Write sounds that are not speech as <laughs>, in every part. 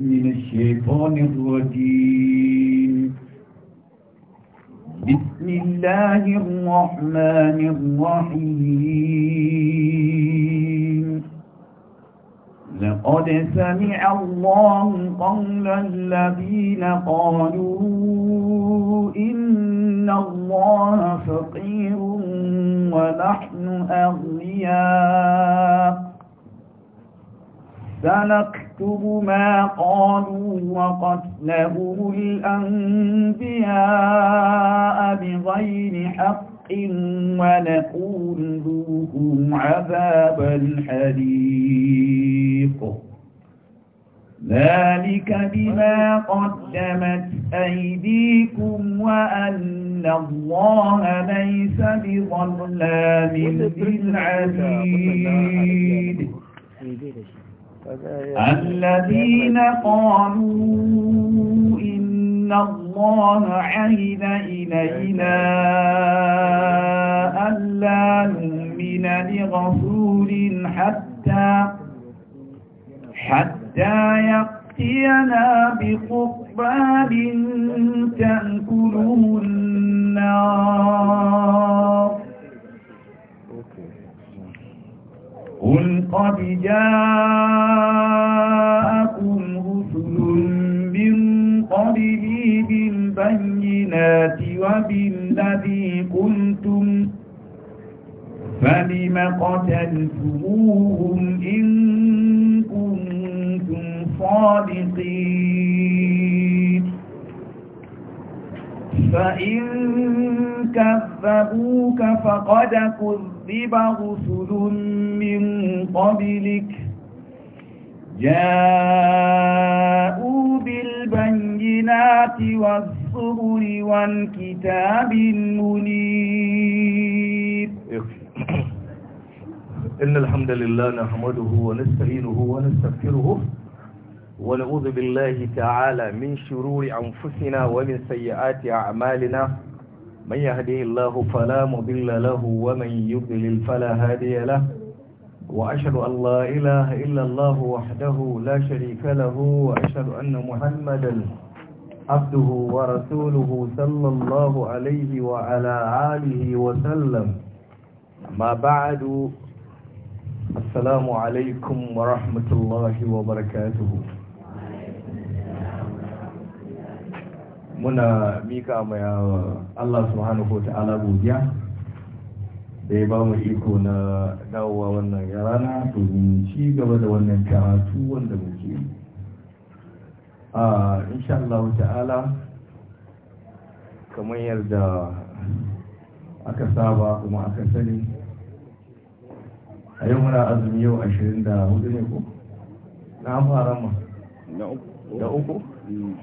من الشيطان الرجيم بسم الله الرحمن الرحيم لقد سمع الله قول الذين قالوا إن الله فقير ونحن أغنياء سنكتب ما قالوا وقتلهم الأنبياء بغير حق ونقول ذوكم عذاب الحريق ذلك بما قدمت أيديكم وأن الله ليس بظلام للعبيد الذين قالوا إن الله عهد إلينا ألا نؤمن لرسول حتى حتى يأتينا بقربان تأكله النار قل قد جاءكم رسل من قبلي بالبينات وبالذي قلتم فلم قتلتموهم إن كنتم صادقين فإن كذبوك فقد كذب رسل من قبلك جاءوا بالبينات والصبر والكتاب المنير إن الحمد لله نحمده ونستعينه ونستغفره ونعوذ بالله تعالى من شرور أنفسنا ومن سيئات أعمالنا من يهده الله فلا مضل له ومن يضلل فلا هادي له وأشهد أن لا إله إلا الله وحده لا شريك له وأشهد أن محمدا عبده ورسوله صلى الله عليه وعلى آله وسلم ما بعد السلام عليكم ورحمة الله وبركاته muna mika mai Allah subhanahu ta'ala godiya da ya ba mu iko na dawowa wannan rana domin ci gaba da wannan karatu wanda muke a insha Allah ta'ala kamar yarda aka saba kuma aka sani a yau muna azumi yau ashirin da hudu ne ko na fara ma da uku mm.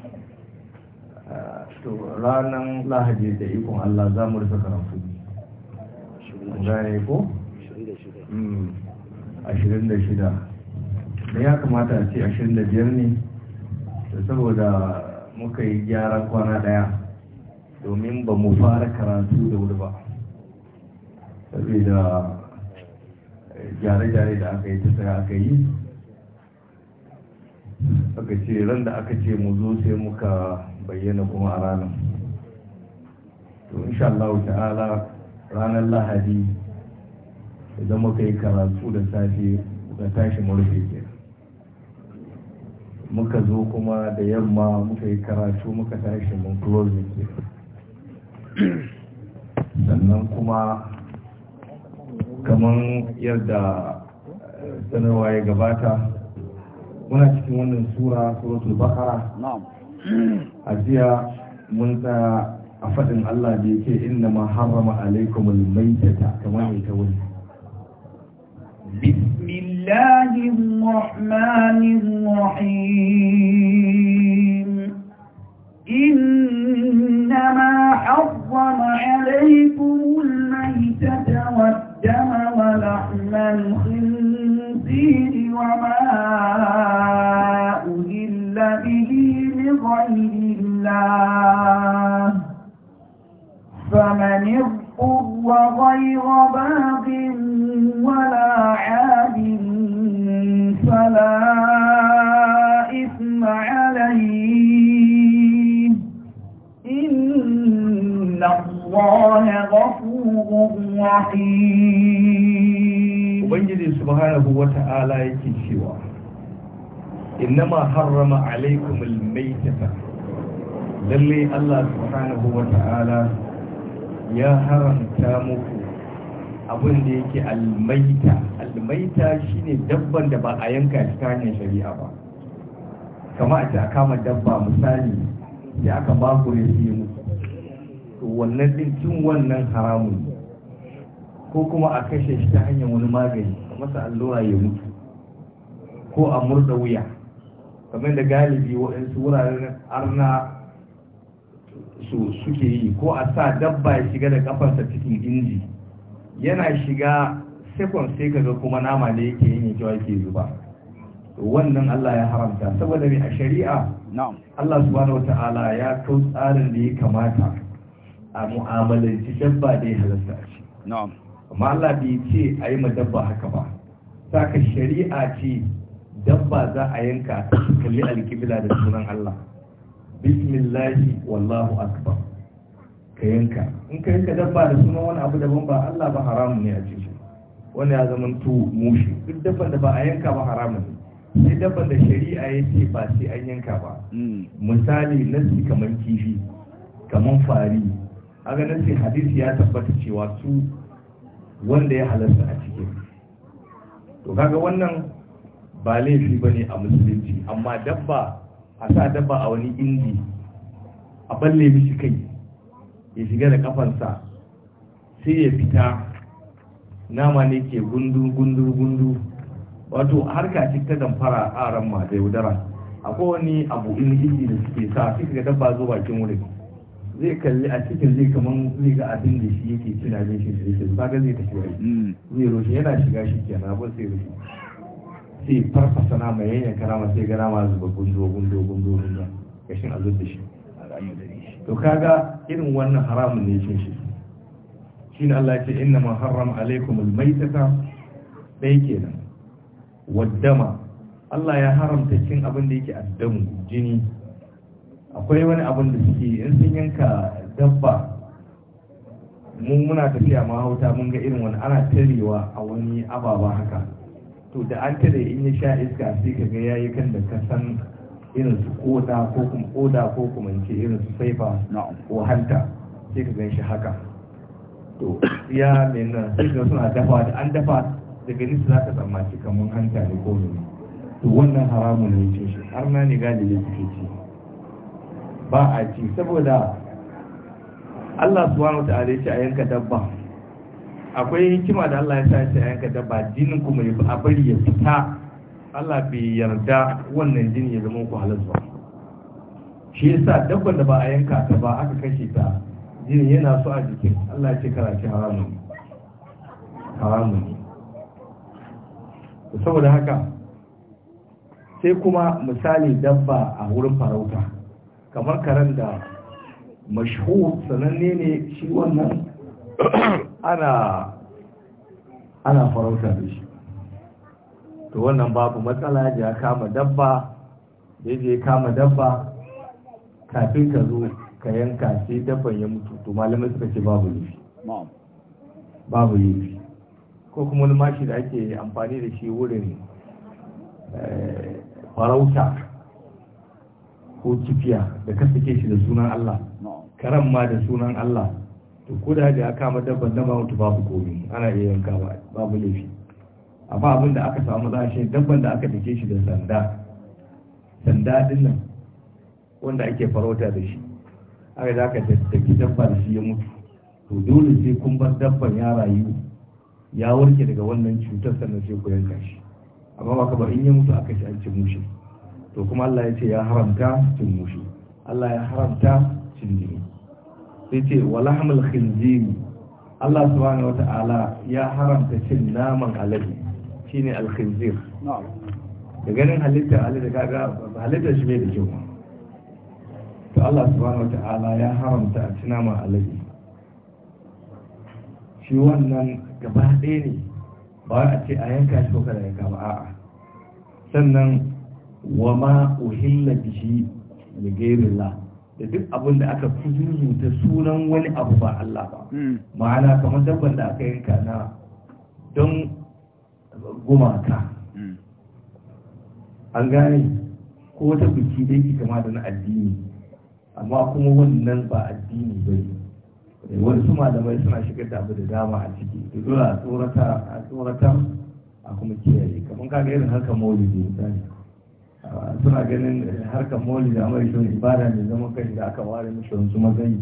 to ranar lahadi da ikon Allah za mu rufe karatu gane ko? 26 hmm, da ya kamata a ce 25 ne da saboda muka yi gyara kwana daya domin ba mu fara karatu da wuri ba saboda eh, gyare-gyare da aka yi ta tsaye aka yi aka ce ran da aka ce mu zo sai muka bayyana kuma a ranar to insha Allah ta'ala ranar lahadi idan muka yi karatu da safe muka tashi murfe ke muka zo kuma da yamma muka yi karatu muka tashi mun close ke sannan kuma kamar yadda eh, sanarwa ya gabata muna cikin wannan sura suratul baqara na'am a jiya mun tsaya a faɗin Allah da yake inna ma harrama alaikum almaitata kamar mai ta wani bismillahir rahmanir rahim inna ma harrama alaikum almaitata والدم ولحم الخنزير وما الله فمن اضطر غير باغ ولا عاد فلا إثم عليه إن الله غفور رحيم وبنجد سبحانه وتعالى يكشف إنما حرم عليكم الميتة lalle Allah subhanahu wa ta'ala ya haramta muku abin da yake almaita almaita shine dabban da ba a yanka shi ta hanyar shari'a ba kama a ce a kama dabba misali da aka ba ku ya siye muku wannan din cin wannan haramun ko kuma a kashe shi ta hanyar wani magani masa allura ya mutu ko a murda wuya kamar da galibi waɗansu wuraren arna so suke yi ko a sa dabba ya shiga da kafarsa cikin inji yana shiga sekon sai kaga kuma nama da yake yin yake yake zuba wannan Allah ya haramta saboda mai a shari'a Allah subhanahu Ta'ala ya kau tsarin da ya kamata a mu'amalanci dabba da ya halasta shi amma Allah bai ce a yi ma dabba haka ba saka shari'a ce dabba za a yanka kalli alkibila da sunan Allah bismillahi wallahu akbar ka yanka in ka yanka dabba da sunan wani abu daban ba Allah ba haramun ne a cikin wani ya zama tu mushi duk dabban da ba a yanka ba haramun ne sai dabban da shari'a ya ce ba sai an yanka ba hmm. misali nasi kamar kifi kamar fari aga nasi hadisi ya tabbata cewa su wanda ya halasta a cikin to kaga wannan ba laifi bane a musulunci amma dabba a sa dabba a wani inji a balle mishi kai ya shiga da kafansa sai ya fita nama ne ke gundu gundu gundu wato harka ce ta damfara a ran ma da yaudara a wani abu in inji da suke sa sai ga dabba zo bakin wurin zai kalli a cikin zai kaman zai ga abin da shi yake tunanin shi da yake kaga zai tafi wani mm. zai rushe yana shiga shi kenan abin sai rushe sai farfasa na mai yanyan karama sai ga nama zuba gundo gundo gundo gundo gashin a da shi to kaga irin wannan haramun ne shi shi ne Allah ya ce inna ma haram alaikum almaytata dai kenan waddama Allah ya haramta cin abin da yake addamu jini akwai wani abin da suke in sun yanka dabba mun muna tafiya mahauta mun ga irin wani ana tarewa a wani ababa haka to da an tare in ya sha iska sai ka ga yayi kan da ka san irin su koda ko kuma koda ko kuma in ce irin su saifa ko hanta sai ka ganshi haka to ya mai nan sai ka suna dafa da an dafa daga nisa za ka tsammaci kamar hanta ne ko ne to wannan haramun ne ce shi har na ne ne suke ci ba a ci saboda Allah subhanahu wa ta'ala ya ce a yanka dabba akwai hikima da Allah ya sa ta yanka da ba jinin kuma ya a bari ya fita Allah bai yarda wannan jini ya zama ku halas ba shi yasa dabban da ba a yanka ta ba aka kashe ta jinin yana so a jikin Allah ya ce ci haramun haramun saboda haka sai kuma misali dabba a wurin farauta kamar karen da mashhur sananne ne shi wannan ana ana farauta da shi to wannan babu matsala ya kama dabba da ya kama dabba kafin ka zo ka yanka sai dabban ya mutu to malamai suka ce babu laifi babu ko kuma wani mashi da ake amfani da shi wurin eh, farauta ko kifiya da ka ke shi da sunan Allah karan ma da sunan Allah ko da aka kama dabban da mutu babu komai ana iya yanka ba babu laifi amma abin da aka samu za shi dabban da aka dake shi da sanda sanda din nan wanda ake farauta da shi aka da ka dabba da shi ya mutu to dole sai kun bar dabban ya rayu ya warke daga wannan cutar sannan sai ku yanka shi amma ba bar in ya mutu aka ci an ci mushi to kuma Allah ya ce ya haramta cin mushi Allah ya haramta cin jini sai ce wala hamil khinziri Allah subhanahu wata'ala ya haramta cin naman alade shine al-khinzir da ganin halitta alade kaga halitta shi bai da kyau to Allah subhanahu wata'ala ya haramta cin naman alade shi wannan gaba ɗaya ne ba a ce a yanka shi ko kada yanka ba a'a sannan wa ma uhilla bihi li ghayrillah da duk abin da aka fi ta sunan wani abu ba Allah ba hmm. ma'ana kamar dabban da aka yanka na don gumaka hmm. an gane ko wata biki da yake kama da na addini amma kuma wannan ba addini ba ne da malamai suna shigar da abu da dama a ciki da dole a tsoratar a kuma kiyaye kamar kaga irin harkar maulidi misali suna ganin harkar moli da amurka shi ibada mai zama kai da aka ware mishi wasu magani.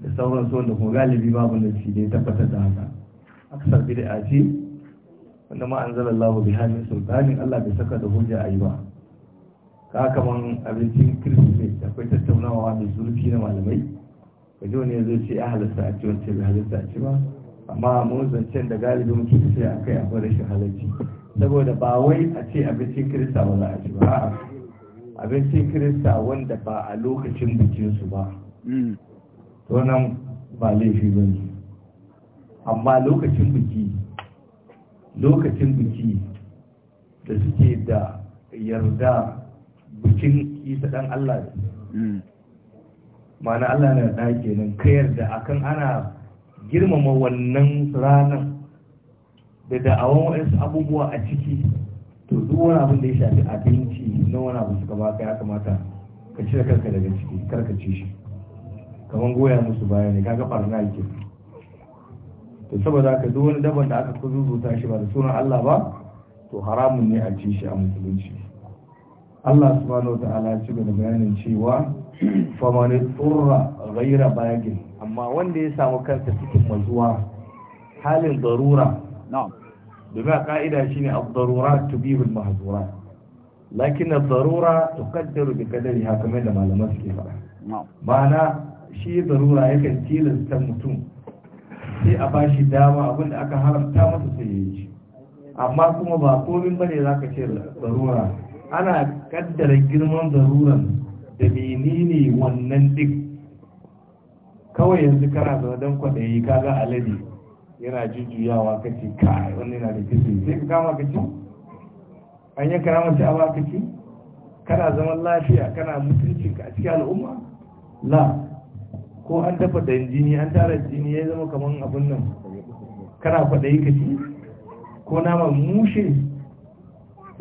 da sauran su wanda kuma galibi babu na shi dai tabbatar da haka aka sarfi da aci wanda ma an zala Allah bi hannun sultanin Allah bai saka da hujja a yi ba ka kaman abincin da akwai tattaunawa mai zurfi na malamai ka ji wani zai ce ya halasta a ci wance bai halasta a ci ba amma mun zancen da galibi mutum sai a kai akwai rashin halarci saboda ba wai a ce abincin kirista ba za a ci ba abincin kirista wanda ba a lokacin bikinsu ba hmm. to nan ba laifi ba ne amma lokacin biki lokacin biki da suke da yarda bikin isa dan Allah ne hmm. ma'ana Allah na da kenan ka yarda akan ana girmama wannan ranar da da'awan waɗansu abubuwa a ciki to duk wani abin da ya shafi abinci na wani abu suka baka ya kamata ka cire karka daga ciki karka ci shi kamar goya musu baya ne kaga farna yake to saboda haka duk wani dabban da aka kuzuzuta shi ba da sunan Allah ba to haramun ne a ci shi a musulunci Allah subhanahu wataala ya ci da bayanin cewa famani turra ghaira bagin amma wanda ya samu kansa cikin mazuwa halin darura na'am domin a ka'ida shine ad-darurat tubihu al mahazura, lakin ad-darura tuqaddaru da qadari haka mai da malaman suke fara ma'ana shi darura yakan tilasta mutum sai a bashi dama abinda aka haramta masa sai ya yi amma kuma ba komin bane zaka ce darura ana kaddara girman daruran da menene wannan duk kawai yanzu kana zaune don kwaɗayi kaga alade yana jujjuyawa kace kai wannan yana da kitse sai ka kama kace an yanka karama ta ba kace kana zaman lafiya kana mutunci ka a cikin al'umma la ko an dafa dan jini an tara jini ya zama kaman abun nan kana kwaɗayi kace ko nama mushe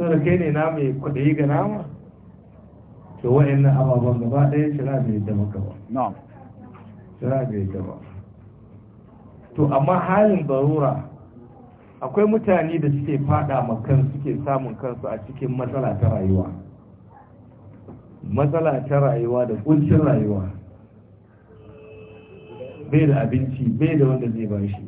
da kai ne na mai kwaɗayi ga nama to wa'annan ababen gaba ɗaya shira bai dama shi shira bai dama to amma halin barura akwai mutane da suke fada makan suke samun kansu a cikin matsala ta rayuwa matsala ta rayuwa da kuncin rayuwa bai da abinci bai da wanda zai bashi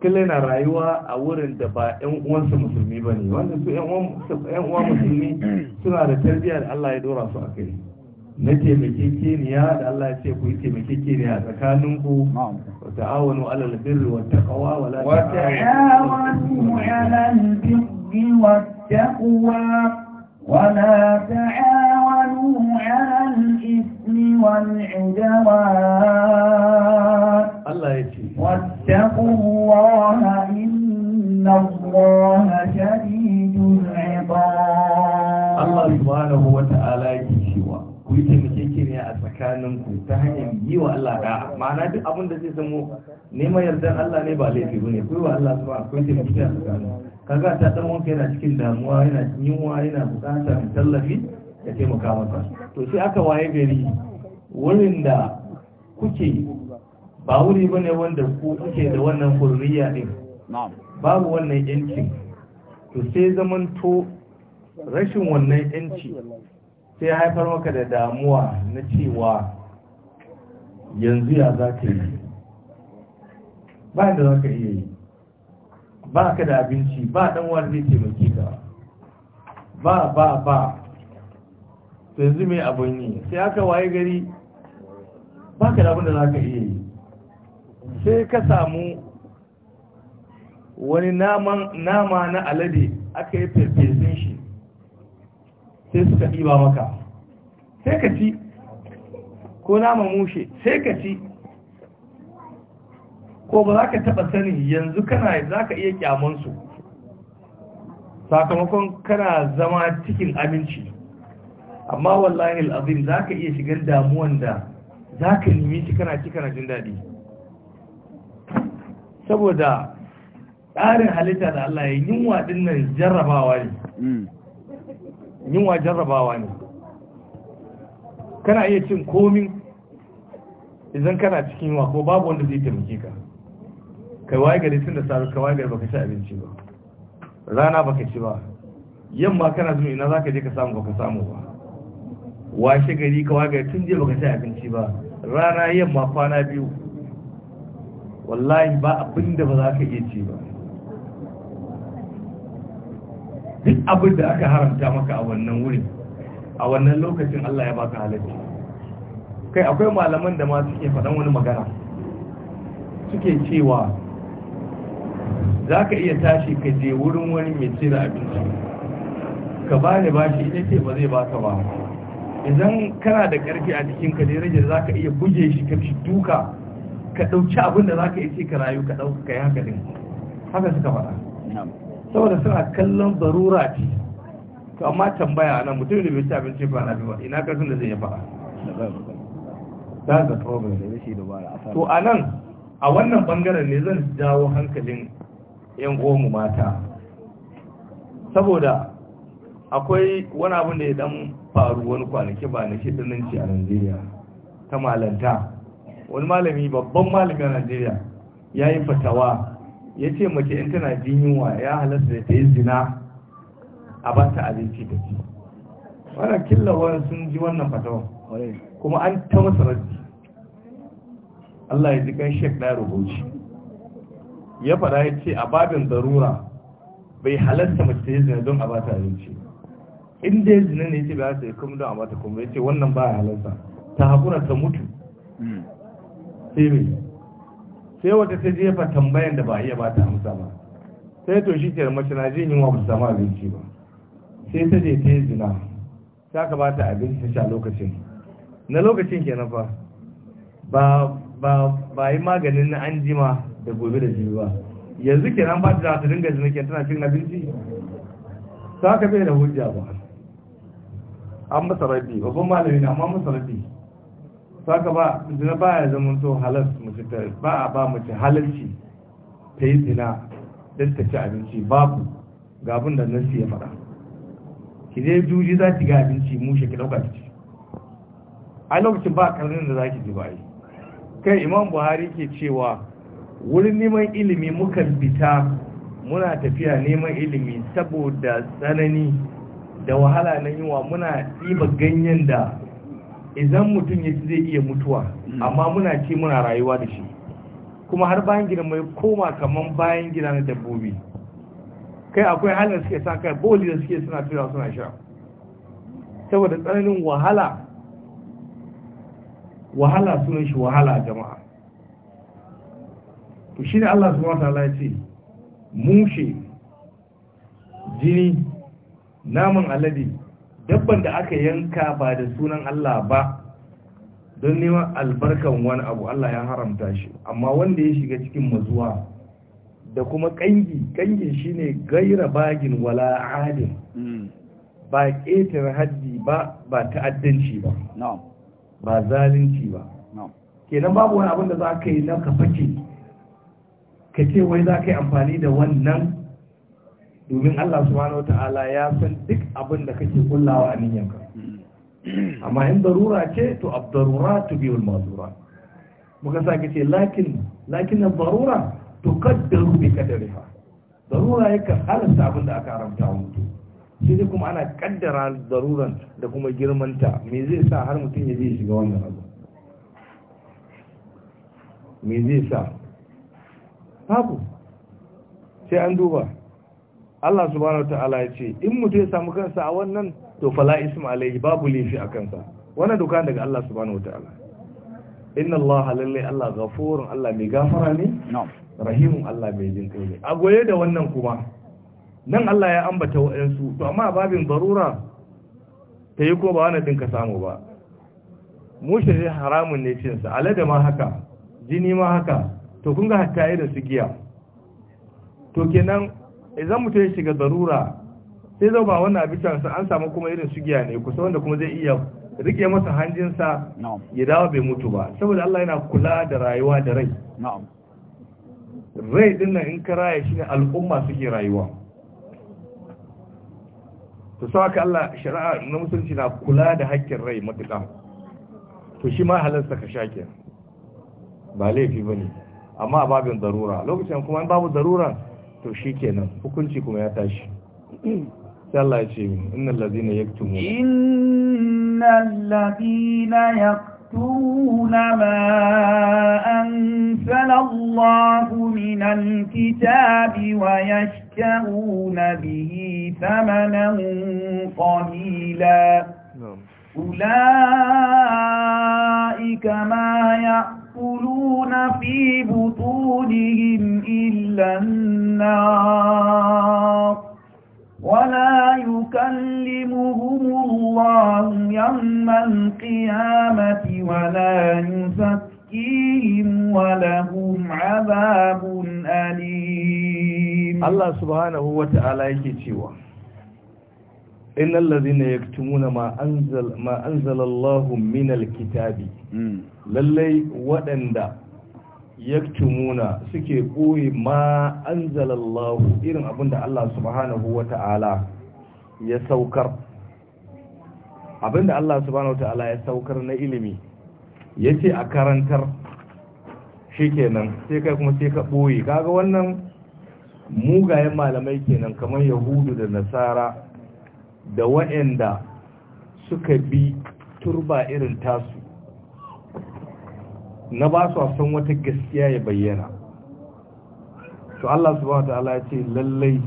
kila na rayuwa a wurin da ba 'yan uwansa musulmi ba ne wanda su 'yan uwa musulmi suna da tarbiyyar Allah ya dora su a kai na taimakekeniya da Allah ya ce ku yi taimakekeniya tsakanin ku wa ta'awanu alal birri wa taqwa wa la ta'awanu alal birri wa taqwa wa la ta'awanu alal ismi wal udwan Allah ya ce wattaqullaha inna Allaha shadidul 'iqab Allah subhanahu wa ta'ala ku yi ne a tsakanin ku ta hanyar yi wa Allah da ma'ana duk abin da zai zamo neman yardar Allah ne ba laifi ba ne ku yi wa Allah zuwa ku yi taimakekeniya a ka kaga ta dan wanka yana cikin damuwa yana yunwa yana bukatar tallafi ya taimaka masa to sai aka waye gari wurin da kuke ba wuri ba ne wanda ku kuke da wannan hurriya din babu wannan yanci to sai zamanto rashin wannan yanci sai haifar maka da damuwa na cewa yanzu ya za ka yi ba da za ka iya yi ba ka da abinci ba ɗanwar zai taimake ka ba ba ba yanzu mai abin yi sai aka waye gari ba ka da abin da za ka iya yi sai ka samu wani nama na alade aka yi farfesun shi sai suka ɗiba maka sai ka ci ko nama mushe sai ka ci ko ba za ka taɓa sani yanzu kana za ka iya kyamansu sakamakon kana zama cikin aminci amma wallahi al'azim za ka iya shigar damuwan da za ka nemi shi kana ci kana jin daɗi saboda tsarin halitta da Allah ya yunwa nan jarrabawa ne mm. Yinwa jarrabawa ne kana iya cin komin idan kana cikin yunwa ko babu wanda zai taimake ka kai waye gari tun da sarar ka waye gari baka ci abinci ba rana baka ci ba yamma kana zuwa ina zaka je ka samu baka samu ba washe gari kawai waye gari tun je baka ci abinci ba rana yamma kwana biyu wallahi ba abinda ba za ka iya ci ba duk abin da aka haramta maka a wannan wurin, a wannan lokacin Allah ya baka halarci. kai akwai malaman da ma suke faɗan wani magana suke cewa za ka iya tashi ka je wurin wani mai cira abinci ka ba da bashi ita ce ba zai baka ba idan kana da ƙarfi a jikin ka ne rage za ka iya buge shi ka fi duka ka ɗauki abin da za ka iya ce ka rayu ka ɗauka ka yi haka din, haka suka faɗa saboda suna kallon barura ce to amma tambaya nan mutum da bai ci abinci ba na biyu ina kasan da zai yi faɗa to a nan a wannan bangaren ne zan dawo hankalin yan gomu mata saboda akwai wani abin da ya dan faru wani kwanaki ba na shidinan a Najeriya ta malanta wani malami babban malami a Najeriya ya yi fatawa ya ce mace in tana jin yunwa ya halasta da ta yi zina a ba ta abinci da ci wannan killawar sun ji wannan fatawa kuma an ta masa raddi Allah ya ji kan shek na rubuci ya fara ya ce a babin darura bai halasta mace ta yi zina don a ba ta abinci inda ya zina ne ya ce ba ta yi kuma don a ba ta kuma ya ce wannan ba ya halasta ta haƙura ta mutu hmm. sai sai wata ta jefa tambayan da ba iya ba ta amsa ba sai to shi ke mace na ji yunwa ba su samu abinci ba sai ta je ta yi zina ta ka ba ta abinci ta sha lokacin na lokacin kenan fa ba ba ba yi maganin na an jima da gobe da jibi ba yanzu kenan ba ta zata dinga zina ke tana cin abinci ta ka bai da hujja ba an masa rabi babban malami na amma masa rabi saka ba zina ba ya zama to halas mace tare ba a ba mace halarci ta yi zina don ta ci abinci babu ga abin da nasi ya faɗa ki je juji za ki ga abinci shi ki ɗauka ki a lokacin ba karnin da za ki ji bayi kai imam buhari ke cewa wurin neman ilimi mukan fita muna tafiya neman ilimi saboda tsanani da wahala na yiwa muna ɗiba ganyen da idan mutum ya zai iya mutuwa mm. amma muna ce muna rayuwa da shi kuma har bayan gida mai koma kamar bayan gida na dabbobi kai akwai halin suke sa kai boli da suke suna tura suna sha saboda tsananin wahala wahala sunan shi wahala jama'a to shi ne Allah subhanahu wataala ya ce mushe jini naman alade dabban da aka yanka ba da sunan Allah ba don neman albarkan wani abu Allah ya haramta shi amma wanda ya shiga cikin mazuwa da kuma kangi kangin shine gaira bagin wala alim ba ƙetare haddi ba ba ta'addanci ba ba zalunci ba kenan babu wani abin da za ka yi na ka fake ka ce wai za ka yi amfani da wannan domin Allah subhanahu wata'ala ya san duk abin da kake kullawa a niyyanka amma in darura ce to abdarura to biyu mazura muka sa kace lakin lakin darura tuqaddaru bi qadariha darura yake halarta abin da aka haramta mutu. sai dai kuma ana kaddara daruran da kuma girmanta me zai sa har mutum ya zai shiga wannan abu me zai sa babu sai an duba Allah subhanahu ta'ala ya ce in mutum ya samu kansa a wannan to fala isma alaihi babu laifi a kansa wannan dukan daga Allah subhanahu ta'ala inna Allah lalle Allah ghafurun Allah mai gafara ne rahimun Allah mai kai ne a goye da wannan kuma nan Allah ya ambata wayansu to amma babin barura ta yi ko ba wani din ka samu ba mushe haramun ne cin sa alade ma haka jini ma haka to kun ga hatta da su giya to kenan idan mutum ya shiga zarura sai zau ba wannan abincinsa an samu kuma irin su giya ne kusa wanda kuma zai iya rike masa hanjinsa ya dawa bai mutu ba saboda Allah yana kula da rayuwa da rai rai din nan in ka raya shi ne al'umma suke rayuwa to sau haka Allah shari'a na musulunci na kula da haƙƙin rai matuƙa to shi ma halarsa ka shaƙe ba laifi ba ne amma a babin darura lokacin kuma babu darura to shi kenan hukunci kuma ya tashi Allah ya ce innal ladina yaktumuna innal ladina yaktumuna ma anzala Allahu minal kitabi wa yashtaruna bihi thamanan qalila أولئك ما يأكلون في بطونهم إلا النار ولا يكلمهم الله يوم القيامة ولا يزكيهم ولهم عذاب أليم الله سبحانه وتعالى يكتوى إن الذين يكتمون ما أنزل, ما أنزل الله من الكتاب للي ودندا yaktumuna suke ɓoye ma anzalallahu irin abin da Allah subhanahu wata'ala ya saukar abin da Allah subhanahu wata'ala ya saukar na ilimi ya ce a karantar shi kenan sai kai kuma sai ka ɓoye kaga wannan mugayen malamai kenan kamar yahudu da nasara da waɗanda suka bi turba irin tasu na ba su san wata gaskiya ya bayyana to Allah subhanahu ta'ala ya ce lallai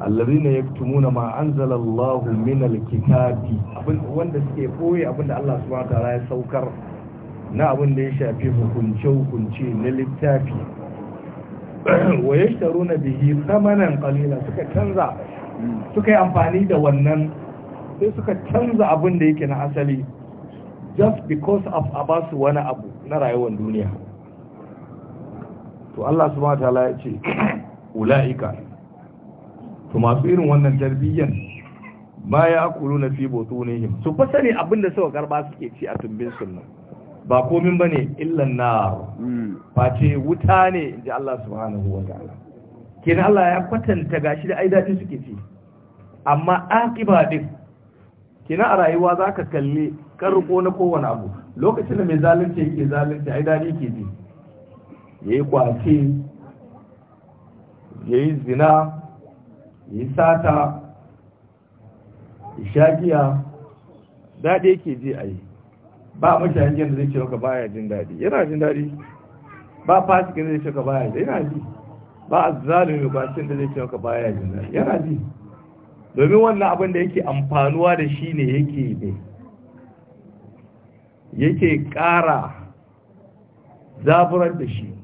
allazina yaktumuna ma anzala Allah min alkitabi wanda suke koyi abinda Allah subhanahu ta'ala ya saukar na abin da ya shafi hukunce hukunce na littafi <clears throat> wa yashtaruna bihi thamanan qalila suka canza suka yi amfani da wannan sai suka canza abin da yake na asali just because of a basu wani abu na rayuwar duniya to Allah subhanahu wataala ya ce ulaika to masu irin wannan tarbiyyan ba ya akulu na fi botunihim su fa sani abinda suka garba suke ci a tumbin sunna ba komin bane illan nar hmm. face wuta ne inji Allah subhanahu wataala kenan Allah ya kwatanta gashi da ai dadin suke ci amma akiba din kenan a rayuwa zaka kalle kan riko na kowane abu lokacin da mai zalunci yake zalunci ai dadi ke ji yayi kwace yayi zina yayi sata shagiya dadi yake ji ai ba mashi hanyar da zai ce ka baya jin dadi yana jin dadi ba fasi da zai ce maka baya jin yana ji ba azzalimi ba sun da zai ce ka baya jin dadi yana ji domin wannan abin da yake amfanuwa da shi ne yake ne yake ƙara zaburar da shi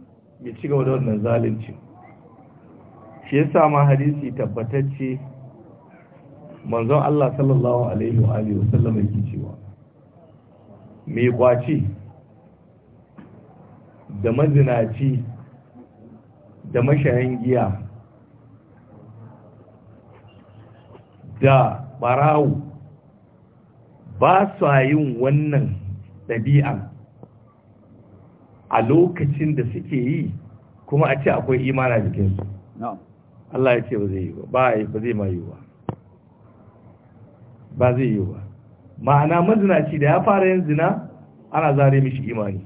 ya ci gaba da wannan zalunci shi ya sama hadisi tabbatacce manzon Allah sallallahu alaihi wa wasallam yake cewa mai kwaci da mazinaci da mashayin giya da barawu ba sa yin wannan ɗabi'a a lokacin da suke yi kuma a ce akwai imana jikinsu Allah ya ce ba zai yi ba ba zai ma yi ba ba zai yi ba ma'ana mazinaci da ya fara yin zina ana zare mishi imani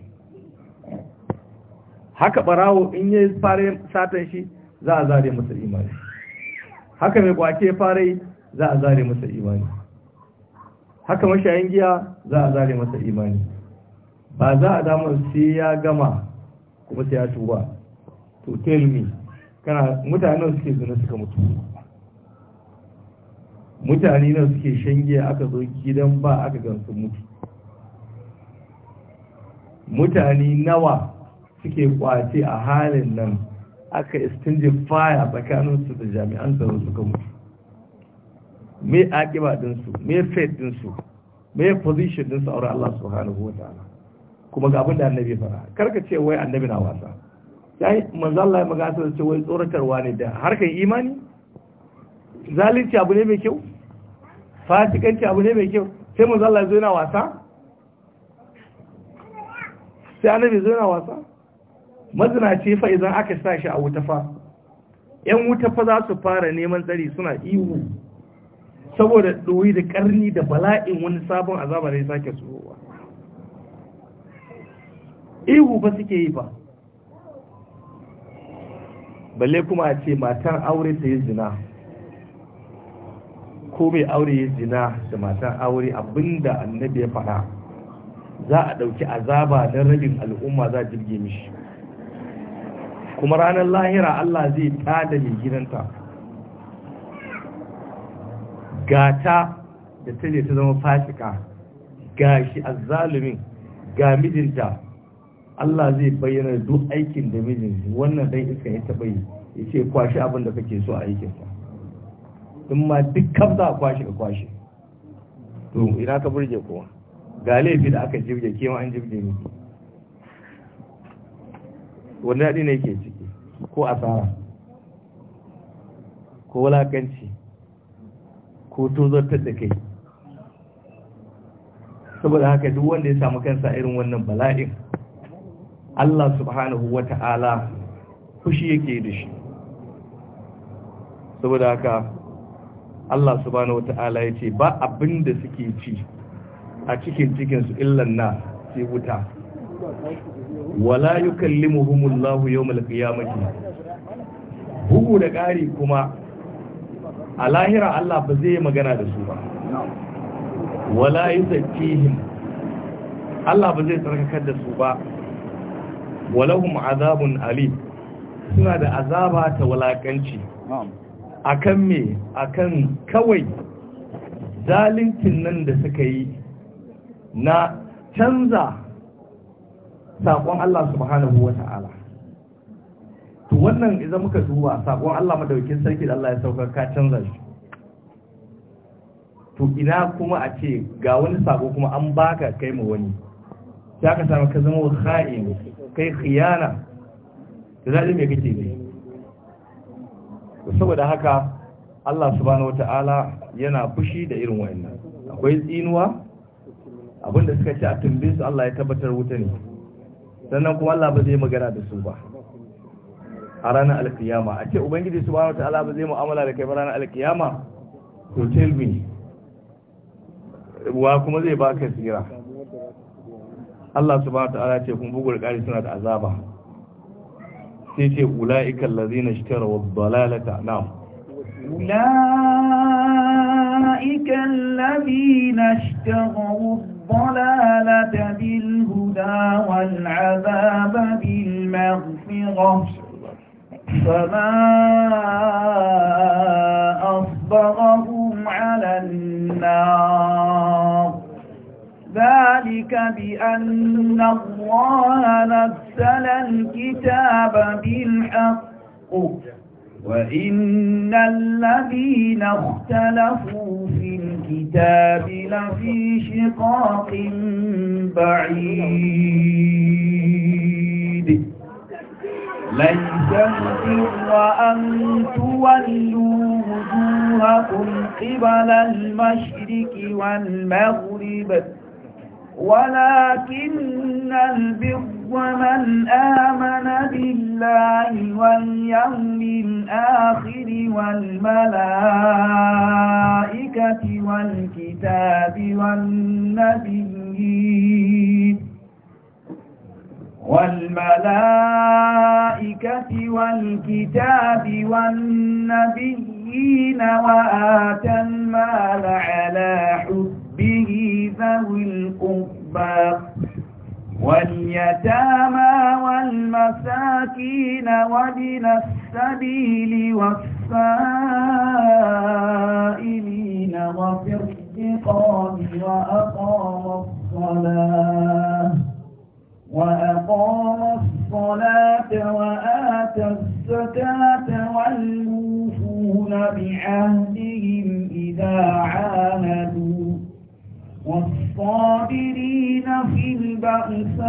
haka barawo in ya fara satan shi za a zare masa imani haka mai kwake fara za a zare masa imani haka mashayin giya za a zare masa imani ba za a damar sai ya gama kuma sai ya tuba to tell me kana mutane nan suke zuna suka mutu mutane nan suke shange aka zo gidan ba aka gansu mutu mutane nawa suke kwace a halin nan aka istinji faya tsakaninsu da jami'an tsaro suka mutu me akiba dinsu me faith dinsu me position dinsu aure Allah subhanahu wa ta'ala kuma ga abin da annabi fara karka ce wai annabi na wasa yayi manzo Allah ya magana ce wai tsoratarwa ne da harkan imani zalunci abu ne mai kyau fasikanci abu ne mai kyau sai manzo Allah ya zo yana wasa sai annabi zo yana wasa ce fa idan aka sa shi a wuta fa yan wuta fa za su fara neman tsari suna ihu saboda ɗoyi da ƙarni da bala'in wani sabon azabar da ya sake tsohuwa ihu ba suke yi ba balle kuma a ce matan aure ta yi zina ko mai aure ya zina da matan aure abinda annabi ya faɗa za a ɗauki azaba don rabin al'umma za a jirge mishi kuma ranar lahira Allah zai tada mai gidanta gata da ta je ta zama fasika ga shi a zalumin, ga mijinta Allah zai bayyana duk aikin da mijin wannan dan iska ya taɓa yi ya ce kwashi abin da kake so a aikinsa in ma duk kabza a kwashi ka kwashi to ina ka burge kowa ga laifi da aka jirge kewa an jirge ne wani daɗi ne ke ciki ko asara ko wulakanci ko tozartar da kai saboda haka duk wanda ya samu kansa irin wannan bala'in Allah subhanahu wa ta'ala fushi yake da shi saboda haka Allah subhanahu wa ta'ala ya ce ba abin da suke ci a cikin cikinsu illan na sai wuta wala yukallimuhumullahu yawmal qiyamati bugu da ƙari kuma a lahira Allah ba zai magana da su ba wala yuzakkihim Allah ba zai tsarkakar da su ba walahum azabun alim suna da azaba ta walakanci akan me akan kawai zalincin nan da suka yi na canza saƙon Allah subhanahu wa ta'ala to wannan idan muka duba sakon Allah madaukin sarki da Allah ya saukar ka canza shi to ina kuma a ce ga wani sako kuma an baka kai mu wani ya ka samu ka zama kha'in kai khiyana da zaɗi mai kake ne saboda haka Allah subhanahu wata'ala yana fushi da irin wayannan akwai tsinuwa abinda suka ce a tumbe su Allah ya tabbatar wuta ne sannan kuma Allah ba zai magana da su ba a ranar alkiyama a ce ubangiji su subhanahu wataala ba zai mu'amala da kai ba ranar alkiyama to tell me wa kuma zai baka tsira Allah subhanahu wataala ce kun bugu da ƙari suna da azaba sai ce ulaika allazina ishtaraw ad-dalalata na'am ulaika allazina ishtaraw ad-dalalata bil huda wal 'adaba bil maghfirah فما أصبرهم على النار ذلك بأن الله نزل الكتاب بالحق وإن الذين اختلفوا في الكتاب لفي شقاق بعيد لن تنفر أن تولوا وجوهكم قبل المشرك والمغرب ولكن البر من آمن بالله واليوم الآخر والملائكة والكتاب والنبيين والملائكة والكتاب والنبيين وآتى المال على حبه ذوي القربى واليتامى والمساكين وابن السبيل والسائلين وفي الرقاب وأقام الصلاة وأقام الصلاة وآتى الزكاة والموفون بعهدهم إذا عاهدوا والصابرين في البأساء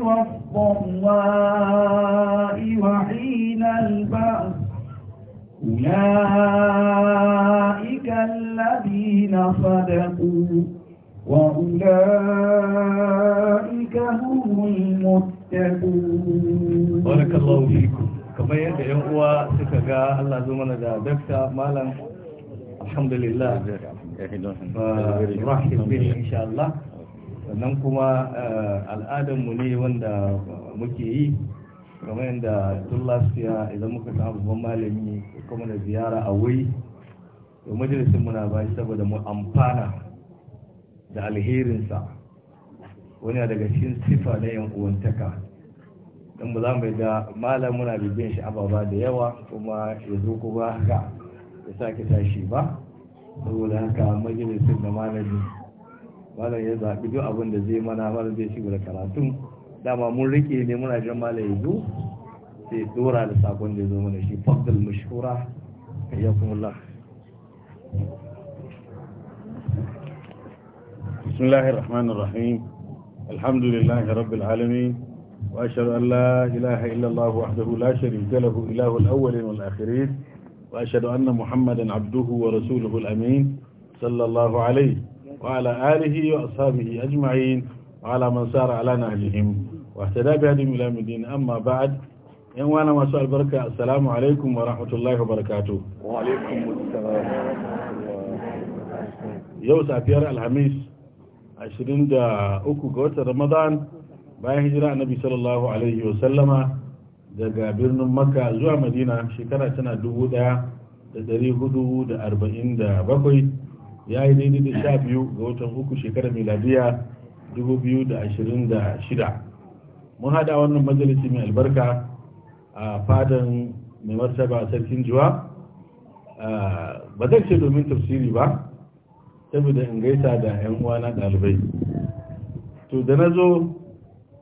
والضراء وحين البأس أولئك الذين صدقوا وأولئك هم المتقون بارك الله فيكم kamar yadda هو uwa suka ga Allah zo mana da لله malam alhamdulillah إن شاء insha Allah sannan kuma al'adanmu ne wanda muke yi kamar yadda tun lafiya idan muka san abubuwan malami kuma da ziyara a wuri da majalisun muna bashi saboda mu amfana da alherinsa wani daga cikin sifa na yan uwantaka don ba za mu da malam muna bibiyan shi ababa da yawa kuma ya zo kuma haka ya sake tashi ba saboda haka majalisun da malami malam ya zaɓi duk abin da zai mana malam zai shigo da karatun dama mun rike ne muna jan malam ya zo sai dora da sakon da ya zo mana shi fadl mashura ya kuma you. بسم الله الرحمن الرحيم الحمد لله رب العالمين وأشهد أن لا إله إلا الله وحده لا شريك له إله الأولين والآخرين وأشهد أن محمدا عبده ورسوله الأمين صلى الله عليه وعلى آله وأصحابه أجمعين وعلى من سار على نهجهم واهتدى بهدهم إلى مدين أما بعد وانا ما wana masu السلام عليكم ورحمة الله وبركاته وعليكم السلام يوسع safiyar alhamis 23 ga watan Ramadan bayan hijira annabi sallallahu alaihi wa sallama daga birnin Makka zuwa Madina shekara tana 1447 ya yi daidai da 12 ga watan uku shekara miladiya 2026 mun hada wannan majalisi mai albarka a fadan mai martaba sarkin juwa ba zai ce domin tafsiri ba saboda in gaisa da yan uwana ɗalibai to da na zo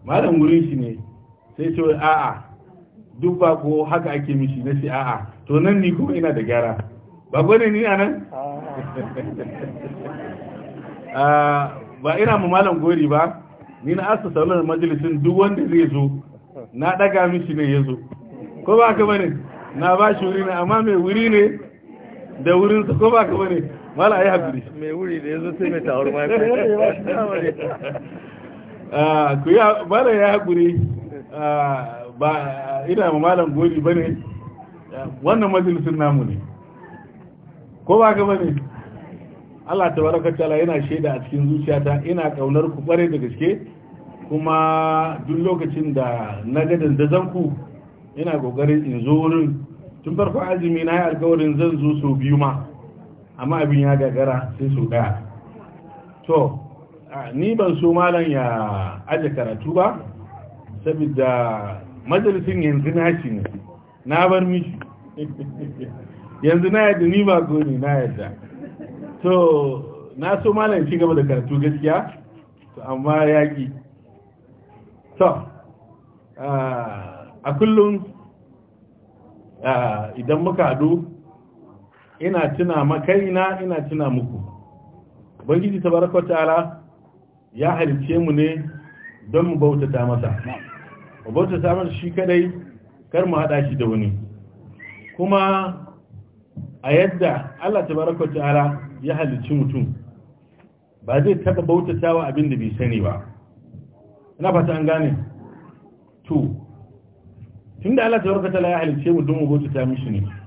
malam wurin shi ne sai ce a'a duk ba ko haka ake mishi na ce a'a to nan ni kuma ina da gyara ba ne ni a nan <laughs> ah, ba ina mu malam gori ba ni na asa sauran majalisin duk wanda zai zo na daga mishi ne ya zo ko ba ka bane na ba shi wuri ne amma mai wuri ne da wurinsa ko ba ka bane mala ai hakuri mai wuri da yazo sai mai tawar ma <laughs> ah, ku ya mala ya hakuri ah, ba ina ma malam gori bane wannan majalisin namu ne ko ba ka bane Allah Ta tabaraka taala yana shaida a cikin zuciyata ina kaunar ku kware da gaske kuma duk lokacin da na ga dandazon ku ina kokarin in zo wurin tun farko azumi na yi alkawarin zan zo sau biyu ma amma abin ya gagara sai su ɗaya to ni ban so malam ya aje karatu ba saboda majalisin yanzu na shi ne na bar mishi <laughs> yanzu na yadda ni ba goni na yadda to na so malam ci gaba da karatu gaskiya to amma yaki to a kullum idan muka haɗu ina tuna makaina ina tuna muku ubangiji tabaraka ta'ala ya halice mu ne don mu bautata masa mu bautata masa shi kadai kar mu hada shi da wani kuma a yadda Allah tabaraka ta'ala ya halice mutum ba zai taba bautatawa abin da bai sani ba ina fata an gane to tunda Allah tabaraka ta'ala ya halice mu don mu bautata mishi ne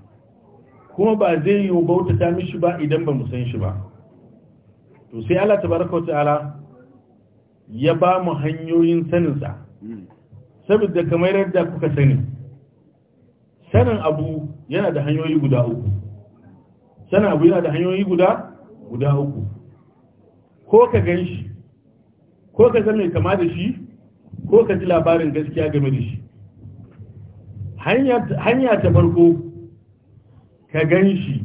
kuma ba zai yi ta mishi ba idan ba mu san shi ba to sai Allah tabaraka ta'ala ya ba mu hanyoyin saninsa saboda kamar yadda kuka sani sanin abu yana da hanyoyi guda uku sanin abu yana da hanyoyi guda guda uku ko ka gan shi ko ka zama kama da shi ko ka ji labarin gaskiya game da shi hanya ta farko ka gan shi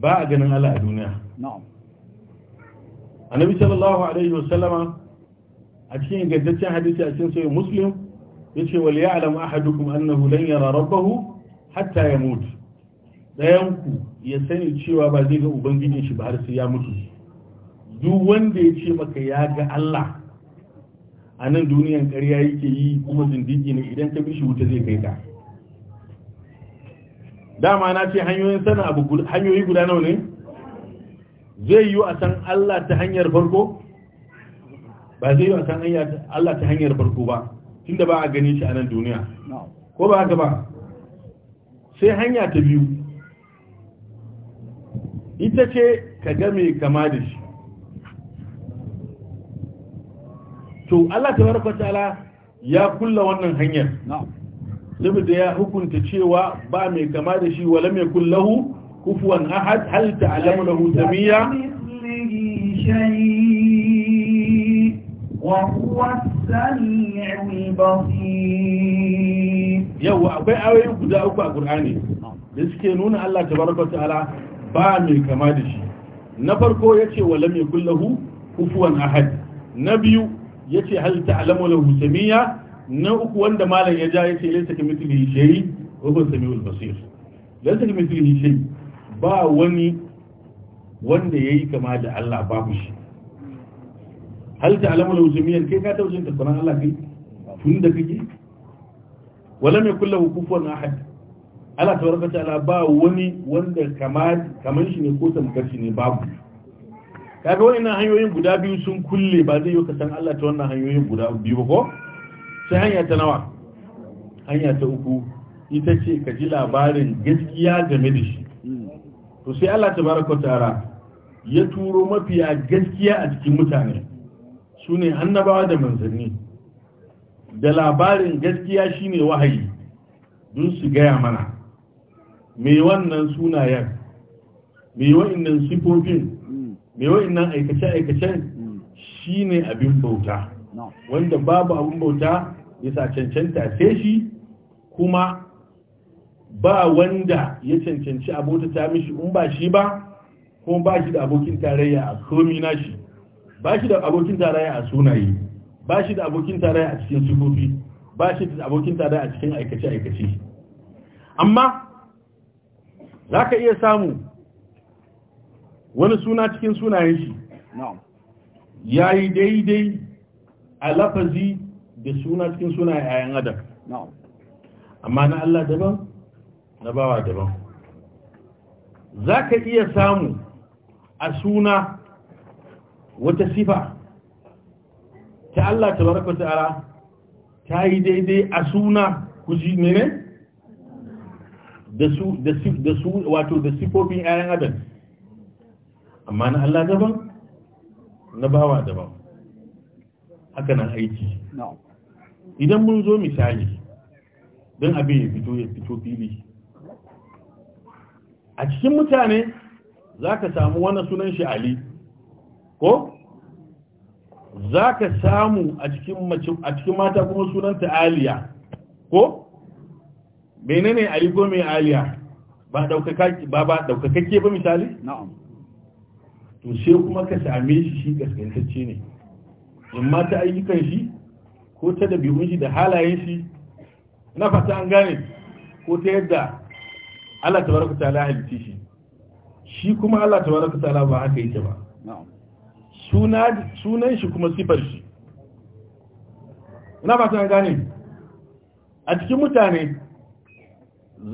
ba a ganin Allah a duniya annabi sallallahu alaihi wasallama a cikin ingantaccen hadisi a cikin sayin muslim ya ce wal ya'lam ahadukum annahu lan yara rabbahu hatta ya mutu ku ya sani cewa ba zai ga ubangijin shi ba har sai ya mutu duk wanda ya ce maka ya ga Allah a nan duniyan ƙarya yake yi kuma zindigi ne idan ka bi shi wuta zai kai ka dama na ce hanyoyin sana abu hanyoyi guda nawa ne zai yi a san Allah ta hanyar farko ba zai yi a san Allah ta hanyar farko ba tunda ba a gani shi a nan duniya ko ba haka ba sai hanya ta biyu ita ce ka ga mai kama da shi to Allah ta barkwata ya kulla wannan hanyar saboda ya hukunta cewa ba mai kama da shi wala mai kullahu kufuwan ahad hal ta'lamu lahu samia yawa akwai ayoyi guda uku a Qur'ani da suke nuna Allah tabaraka ta'ala ba mai kama da shi na farko yace wala mai kullahu kufuwan ahad na biyu yace hal ta'lamu lahu samia na uku wanda malam ya ja ya ce laisa kamar kamithlihi shayi wa sami samiul laisa kamar kamithlihi shayi ba wani wanda ya yi kama da Allah babu shi hal ta'lamu lahu samiyan kai ka taujin ta sanan Allah kai tun da kake walam na lahu ala ta Allah tabaraka ala ba wani wanda kamar shi ne ko tamkar shi ne babu kaga na hanyoyin guda biyu sun kulle ba zai yi ka san Allah ta wannan hanyoyin guda biyu ba ko sai hanya ta nawa hanya ta uku ita ce ka ji labarin gaskiya game da shi to sai Allah baraka ta'ala ya turo mafiya gaskiya a cikin mutane su ne annabawa da manzanni da labarin gaskiya shine wahayi don su gaya mana mai wannan sunayen mai wa'innan sifofin mai wa'innan aikace-aikacen mm. shi ne abin bauta wanda babu abin bauta bisa cancanta sai shi kuma ba wanda ya cancanci abota ta mishi in ba shi ba kuma ba shi da abokin tarayya a komi nashi ba shi da abokin tarayya a sunaye ba shi da abokin tarayya a cikin sufofi ba shi da abokin tarayya a cikin aikace-aikace amma za ka iya samu wani suna cikin sunayen shi ya yi daidai a lafazi da suna cikin suna yayan adam amma na Allah daban na bawa daban za ka iya samu a suna wata sifa ta Allah ta baraka ta'ala ta yi daidai a suna kuji ne da su da su wato da sifofin yayin adam amma na Allah daban na bawa daban haka nan aiki idan mun zo misali don abin ya fito ya fito fili a cikin mutane za ka samu wani sunan shi ali ko za ka samu a cikin mata kuma sunanta aliya ko menene ali ko mai aliya ba daukakakke ba misali? na'am to sai kuma ka same shi shi gaskantacce ne Amma ta ayyukan shi ko ta dabi'un shi da halayen shi na fata an gane ko ta yadda Allah ta ta ta'ala halitta shi shi kuma Allah ta ta ta'ala ba haka yake ba sunan shi kuma sifar shi na fata an gane a cikin mutane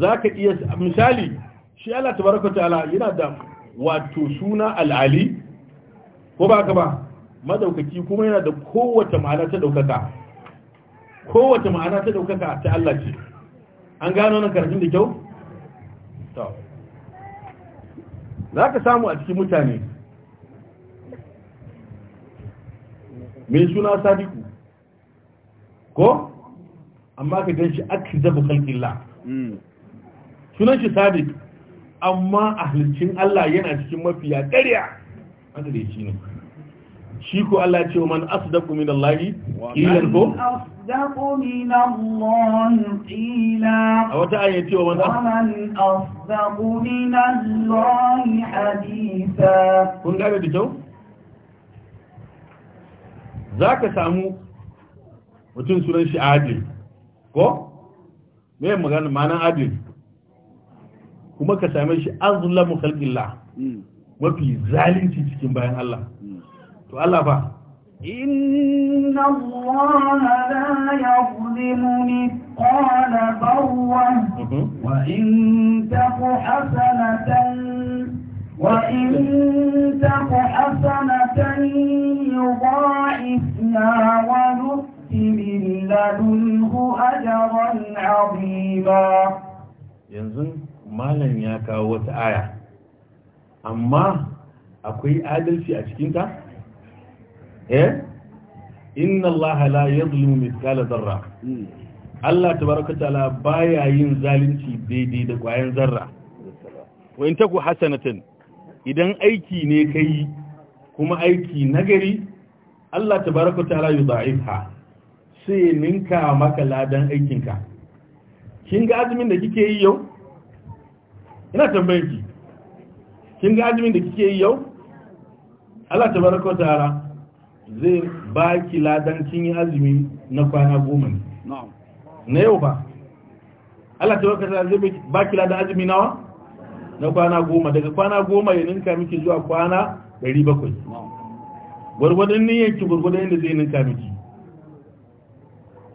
za ka iya misali shi Allah ta ta ta'ala yana da wato suna al'ali ko ba ka ba madaukaki kuma yana da kowace ma'ana ta daukaka kowace ma'ana ta daukaka ta Allah ce an gano nan karatun da kyau to za ka samu a cikin mutane mai suna sadiku ko amma ka gan shi aka zafi la, sunan shi sadiku amma a Allah yana cikin mafiya ƙarya an da shi ne shi ko Allah ce man asdaqu min Allah ilan ko asdaqu min Allah qila a wata aya ce wa man asdaqu min Allah haditha kun ga da kyau zaka samu mutum sunan shi adil ko me magana ma'anan adil kuma ka same shi azlamu khalqillah hmm. mafi zalunci cikin bayan Allah to Allah fa inna allaha la yuzlimu mithqala dharratin mhm. wa in taku hasanatan wa in taku hasanatan yudha'ifna wa nu'ti ladunhu ajran 'azima yanzu malam ya kawo wata aya amma akwai adalci a cikinta eh inna allaha la yadlimu mithqala dharra hmm. Allah tabaraka ta'ala baya yin zalunci daidai da kwayan zarra wa in taku hasanatan idan aiki ne kai kuma aiki nagari Allah tabaraka ta'ala yudha'ifha sai ninka maka ladan aikinka kin ga azumin da kike yi yau ina tambayanki. kin ga azumin da kike yi yau Allah tabaraka ta'ala zai ba ki ladan cin yi azumi na kwana goma ne na yau ba Allah ta waka zai ba ki ladan azumi nawa na kwana goma daga kwana goma ya ninka miki zuwa kwana 700 gwargwadon niyyanki gwargwadon yadda zai ninka miki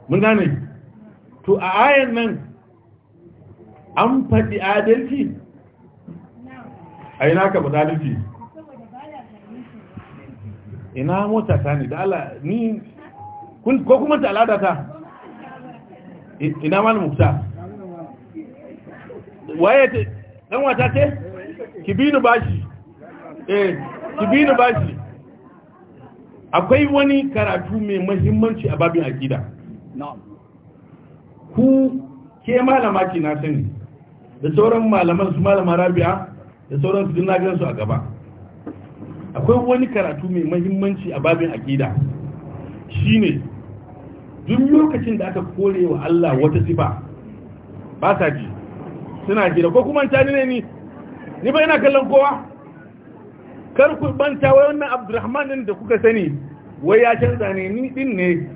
mun gane to a ayan nan an faɗi adalci a yi naka ba adalci ina mota ta ne da Allah ni kun ko kuma ta al'ada ta ina mal mukta waye ta dan wata ce ki bashi eh ki bashi akwai wani karatu mai muhimmanci a babin akida ku ke malama ki na sani da sauran malaman su malama rabi'a da sauran su dinna gansu a gaba akwai wani karatu mai mahimmanci a babin aƙida shine duk lokacin da aka kore wa Allah wata sifa ba sa ji suna ji ko kuma ta ne ni ni ba ina kallon kowa kar ku banta wai wannan Abdulrahman da kuka sani wai ya canza ne ni din ne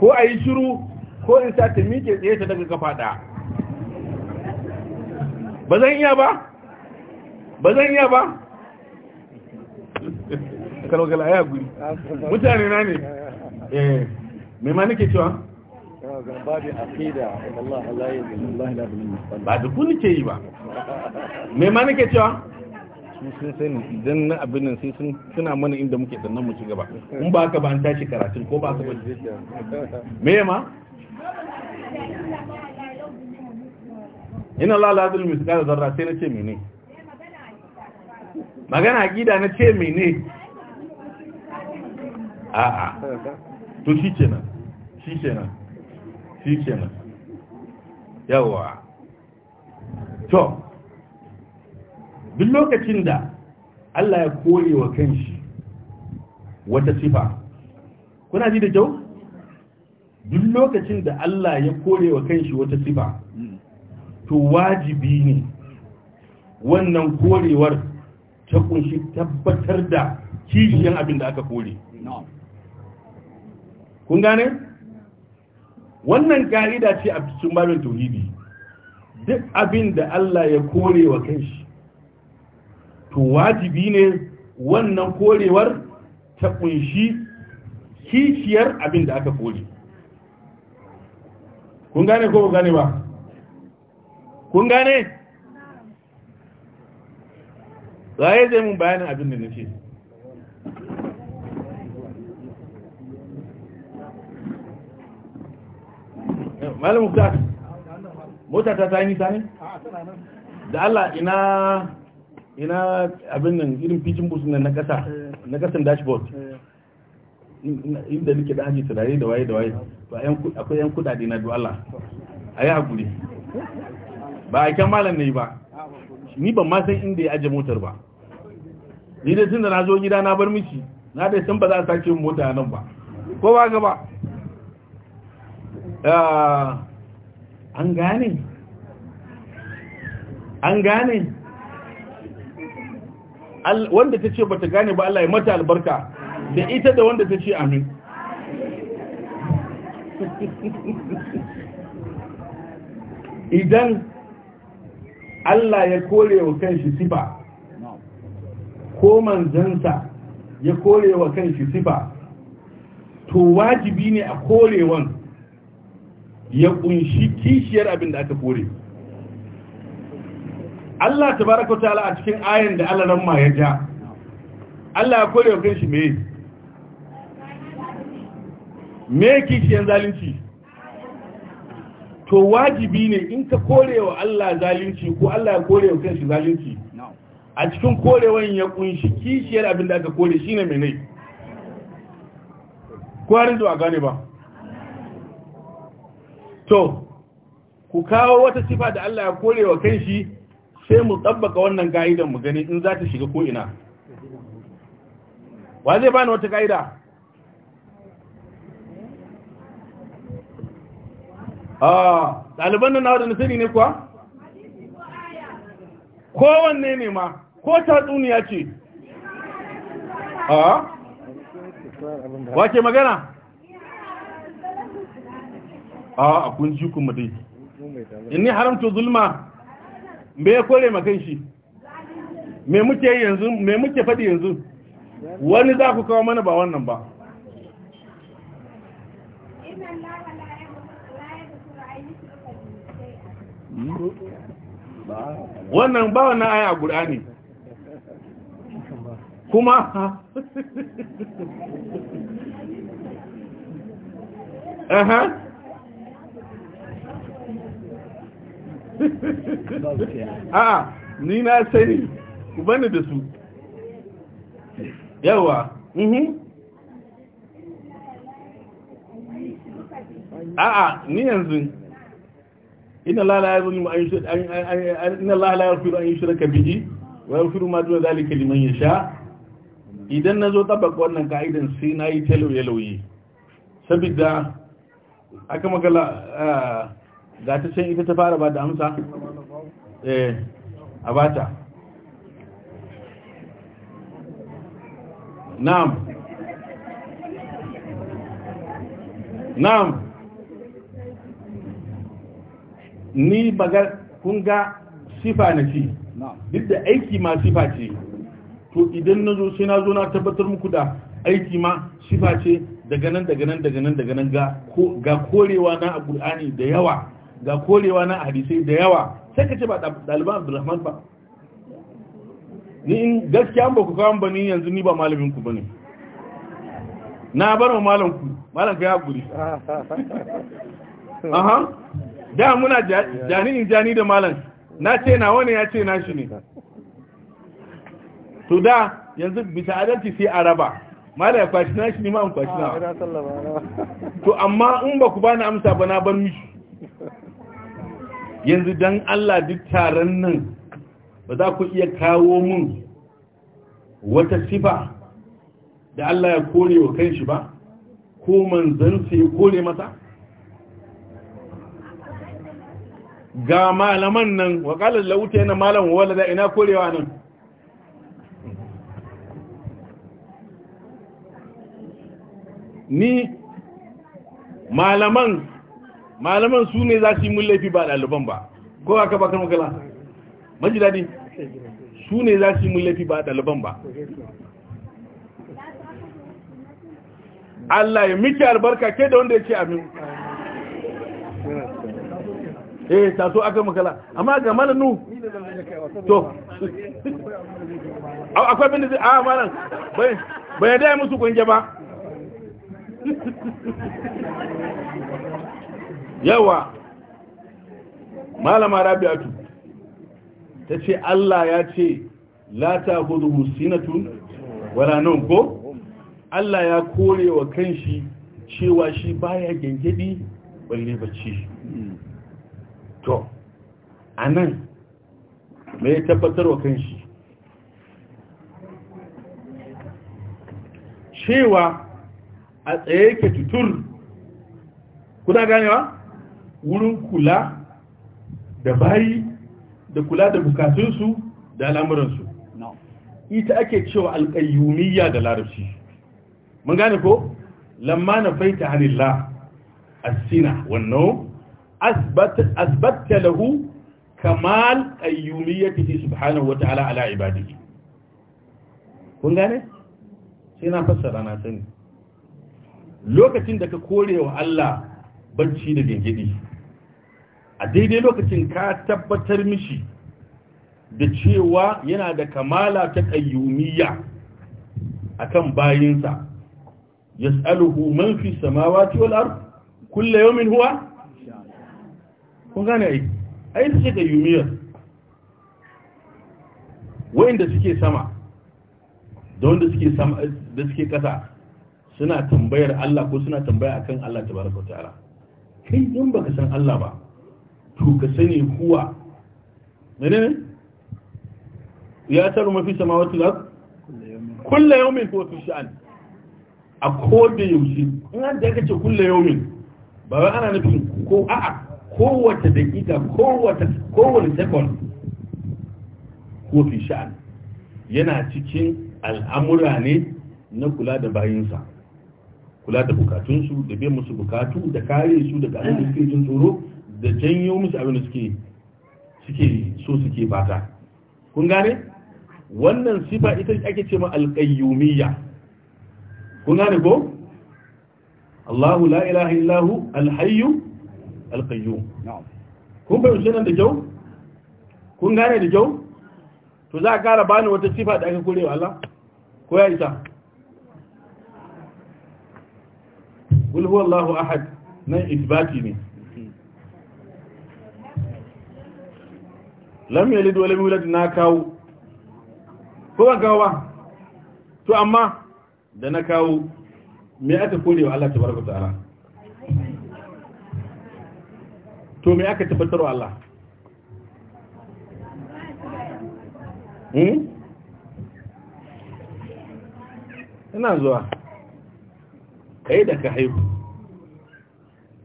ko ayi shiru ko in sa ta miƙe tsaye ta daga kafa ba zan iya ba ba zan iya ba kalwakala ya guri mutane na ne eh mai ma nake cewa ba da ku ke yi ba mai ma nake cewa sun sani idan na abin nan sai sun suna mana inda muke sannan mu ci gaba in ba ka ba an tashi karatun ko ba ka ba me ma ina lalazul misqal zarra sai na ce mene magana aqida na ce mene a'a to shi kenan shi kenan shi kenan yawa to duk lokacin da Allah ya kore wa kanshi wata sifa kuna ji da kyau duk lokacin da Allah ya kore wa kanshi wata sifa to wajibi ne wannan korewar ta kunshi tabbatar da kishiyan abin da aka kore kun gane wannan ka'ida ce a cikin babin tauhidi duk abin da Allah ya kore wa kanshi to wajibi ne wannan korewar ta kunshi kishiyar abin da aka kore kun gane ko ba gane ba kun gane raye zai mun bayanin abin da nace malam muktar mota ta tayi nisa ne da Allah ina ina abin nan irin pitching bus na kasa na kasan dashboard inda nake da haji turare da waye da waye akwai yan kudade na duwala Allah ayi hakuri ba a kyan malam ne ba ni ban ma san inda ya aje motar ba ni dai tunda na zo gida na bar miki na dai san ba za a sake mota nan ba ko ba gaba an gane an gane wanda ta ce bata gane ba Allah ya mata albarka da ita da wanda ta ce amin <laughs> idan Allah ya kore wa kanshi sifa ko manzansa ya korewa kan shi sifa to wajibi ne a korewan ya kunshi kishiyar abin da aka kore Allah tabaraka ta'ala a cikin ayan da Allah ranma ya ja Allah ya korewa kan shi meye me kishiyar zalunci to wajibi ne in ka korewa Allah zalunci ko Allah ya korewa kan shi zalunci a cikin korewan ya kunshi kishiyar abin da aka kore shi ne mene kwarin zuwa gane ba to ku kawo wata sifa da Allah ya kore wa kan shi sai mu tsabbaka wannan ga'idan mu gani in za ta shiga ko'ina wa zai bani wata ga'ida a ɗaliban nan na wadanda sani ne kuwa kowanne ne ma ko ta duniya ce a ah? wace magana ah kun ji kuma dai inni haramtu zulma me ya kore kan shi me muke yanzu me muke faɗi yanzu wani za ku kawo mana ba wannan ba wannan ba wannan aya a ƙur'ani kuma ha a ni na sani ku bani da su yawa mhm a'a ni yanzu inna la la yazlimu an yushrik inna la la yaghfiru an yushraka bihi wa yaghfiru ma duna dhalika liman yasha' idan na zo tabbaka wannan ka'idan sai na yi ta lauye-lauye sabida aka magala ga ta can ita ta fara ba da amsa eh, a bata na'am na'am ni baga kunga sifa na ci duk da aiki ma sifa ce to idan na zo sai na zo na tabbatar muku da aiki ma shifa ce daga nan daga nan daga nan daga nan ga korewa na a ƙur'ani da yawa ga korewa na a hadisai da yawa sai ka ce ba ɗaliban abdulrahman ba ni in gaskiya ba ku kawo ba ni yanzu ni ba malamin ku bane na bar malam ku malam ka ya guri <laughs> aha da muna jani jani da malam na ce na wani ya ce na shi ne to da yanzu bisa adalci sai a raba mala ya kwashi na shi ne ma in kwashi ah, na to amma in ba ku ba na amsa ba na bar mishi yanzu don Allah duk taron nan ba za ku iya kawo mun wata sifa da Allah ya kore wa kanshi ba ko manzansa ya kore masa ga malaman nan wa kalar lauta yana malam wa walada ina korewa nan ni malaman malaman su ne za su yi mun laifi ba ɗaliban ba ko aka kama makala maji daɗi su ne za su yi mun laifi ba ɗaliban ba Allah ya miki albarka ke da wanda ya ce amin eh taso aka makala amma ga malanu to akwai bin da zai a ah, malam bayan da musu kunje ba yawa malama rabi'atu ta ce Allah ya ce la ta hudu sinatun wala nan ko Allah ya kore wa kanshi cewa shi baya gengedi balle bacci to anan me ya tabbatar wa kanshi cewa a tsaye ke tutur kuna ganewa wurin kula da bayi da kula da bukatunsu da al'amuransu ita ake cewa alƙayyumiyya da larabci mun gane ko lamma na faita a asina wannan asbatta lahu kamal ayyumiyyatihi subhanahu wa ta'ala ala ibadihi kun gane sai na fassara na sani lokacin da ka kore wa Allah banci da gengedi a daidai lokacin ka tabbatar mishi da cewa yana da kamala ta ƙayyumiya akan bayinsa yas'aluhu man fi samawati wal ard kullu yawmin huwa kun gane ai ai ta ce ƙayyumiyar wa'inda suke sama da wanda suke sama da suke ƙasa suna tambayar Allah ko suna tambaya akan Allah ta baraka ta'ala kai in baka san Allah ba to ka sani huwa menene ya taru mafi samawati lak kullu yawmin huwa fi sha'an a koda yaushe in an da yake kullu yawmin ba wai ana nufin ko a'a kowace daƙiƙa kowace kowace second huwa fi sha'an yana cikin al'amura ne na kula da bayinsa kula da bukatunsu da biyan musu bukatu da kare su daga abin da suke jin tsoro da janyo musu abin da suke suke so suke fata kun gane wannan sifa ita ake ce ma alqayyumiyya kun gane ko Allahu la ilaha illahu alhayyu alqayyum kun bai nan da kyau kun gane da kyau to za ka kara bani wata sifa da aka kurewa Allah ko ya isa qul huwallahu ahad nan isbati ne lam yalid wa lam yulad na kawo ko ba kawo ba to amma da na kawo me aka kore wa Allah tabaraka ta'ala to me aka tabbatar wa Allah hmm? ina zuwa kai da ka haihu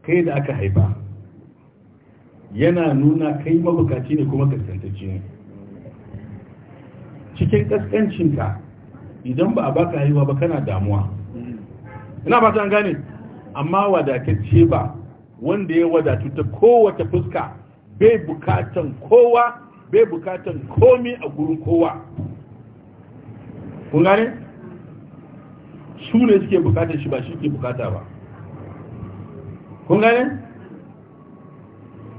kai da aka haifa yana nuna kai mabukaci ne kuma kaskantacci ne cikin kaskancinka idan ba a baka haihuwa ba kana damuwa ina ba an gane amma wadatacce ba wanda ya wadatu ta kowace fuska bai bukatan kowa bai bukatan komi a gurin kowa kun gane su ne suke bukatar shi ba shi ke bukata ba kun gane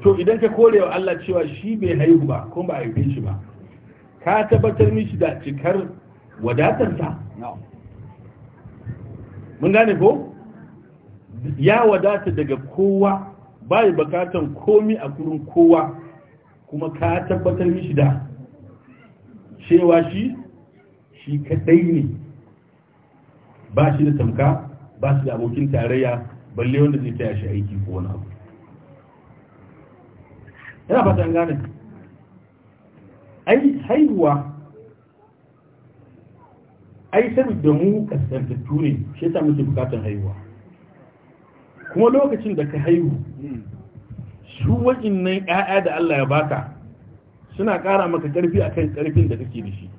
to idan ka kore wa Allah cewa shi bai haihu ba kuma ba a haife shi ba ka tabbatar mishi da cikar wadatarsa mun gane ko ya wadata daga kowa yi bukatan komi a kurin kowa kuma ka tabbatar mishi da cewa shi shi kadai ne ba shi da tamka ba shi da abokin tarayya balle wanda zai taya shi aiki ko wani abu yana fata an gane ai haihuwa ai da mu kasance ne shi yasa muke bukatun haihuwa kuma lokacin da ka haihu su wa'innan ƴaƴa da Allah ya baka suna ƙara maka ƙarfi akan ƙarfin da kake da shi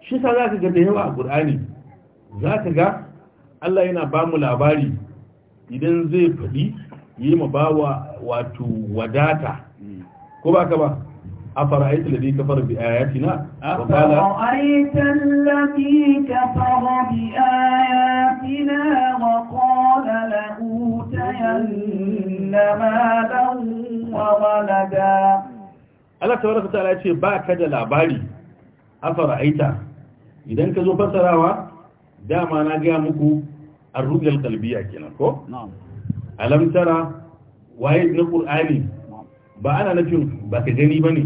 shi sa za ka ga da yawa a Qur'ani za ka ga Allah yana ba mu labari idan zai faɗi yi ma ba wa wato wadata ko ba ka ba a da ka fara bi ayatina ka fara bi ayatina na ba la'utayanna Allah tabaraka ta'ala ya ce ba ka da labari a aita idan ka zo fasarawa dama na gaya muku ar-ru'yal qalbiyya kenan ko alam waye na qur'ani ba ana nufin ba ka gani bane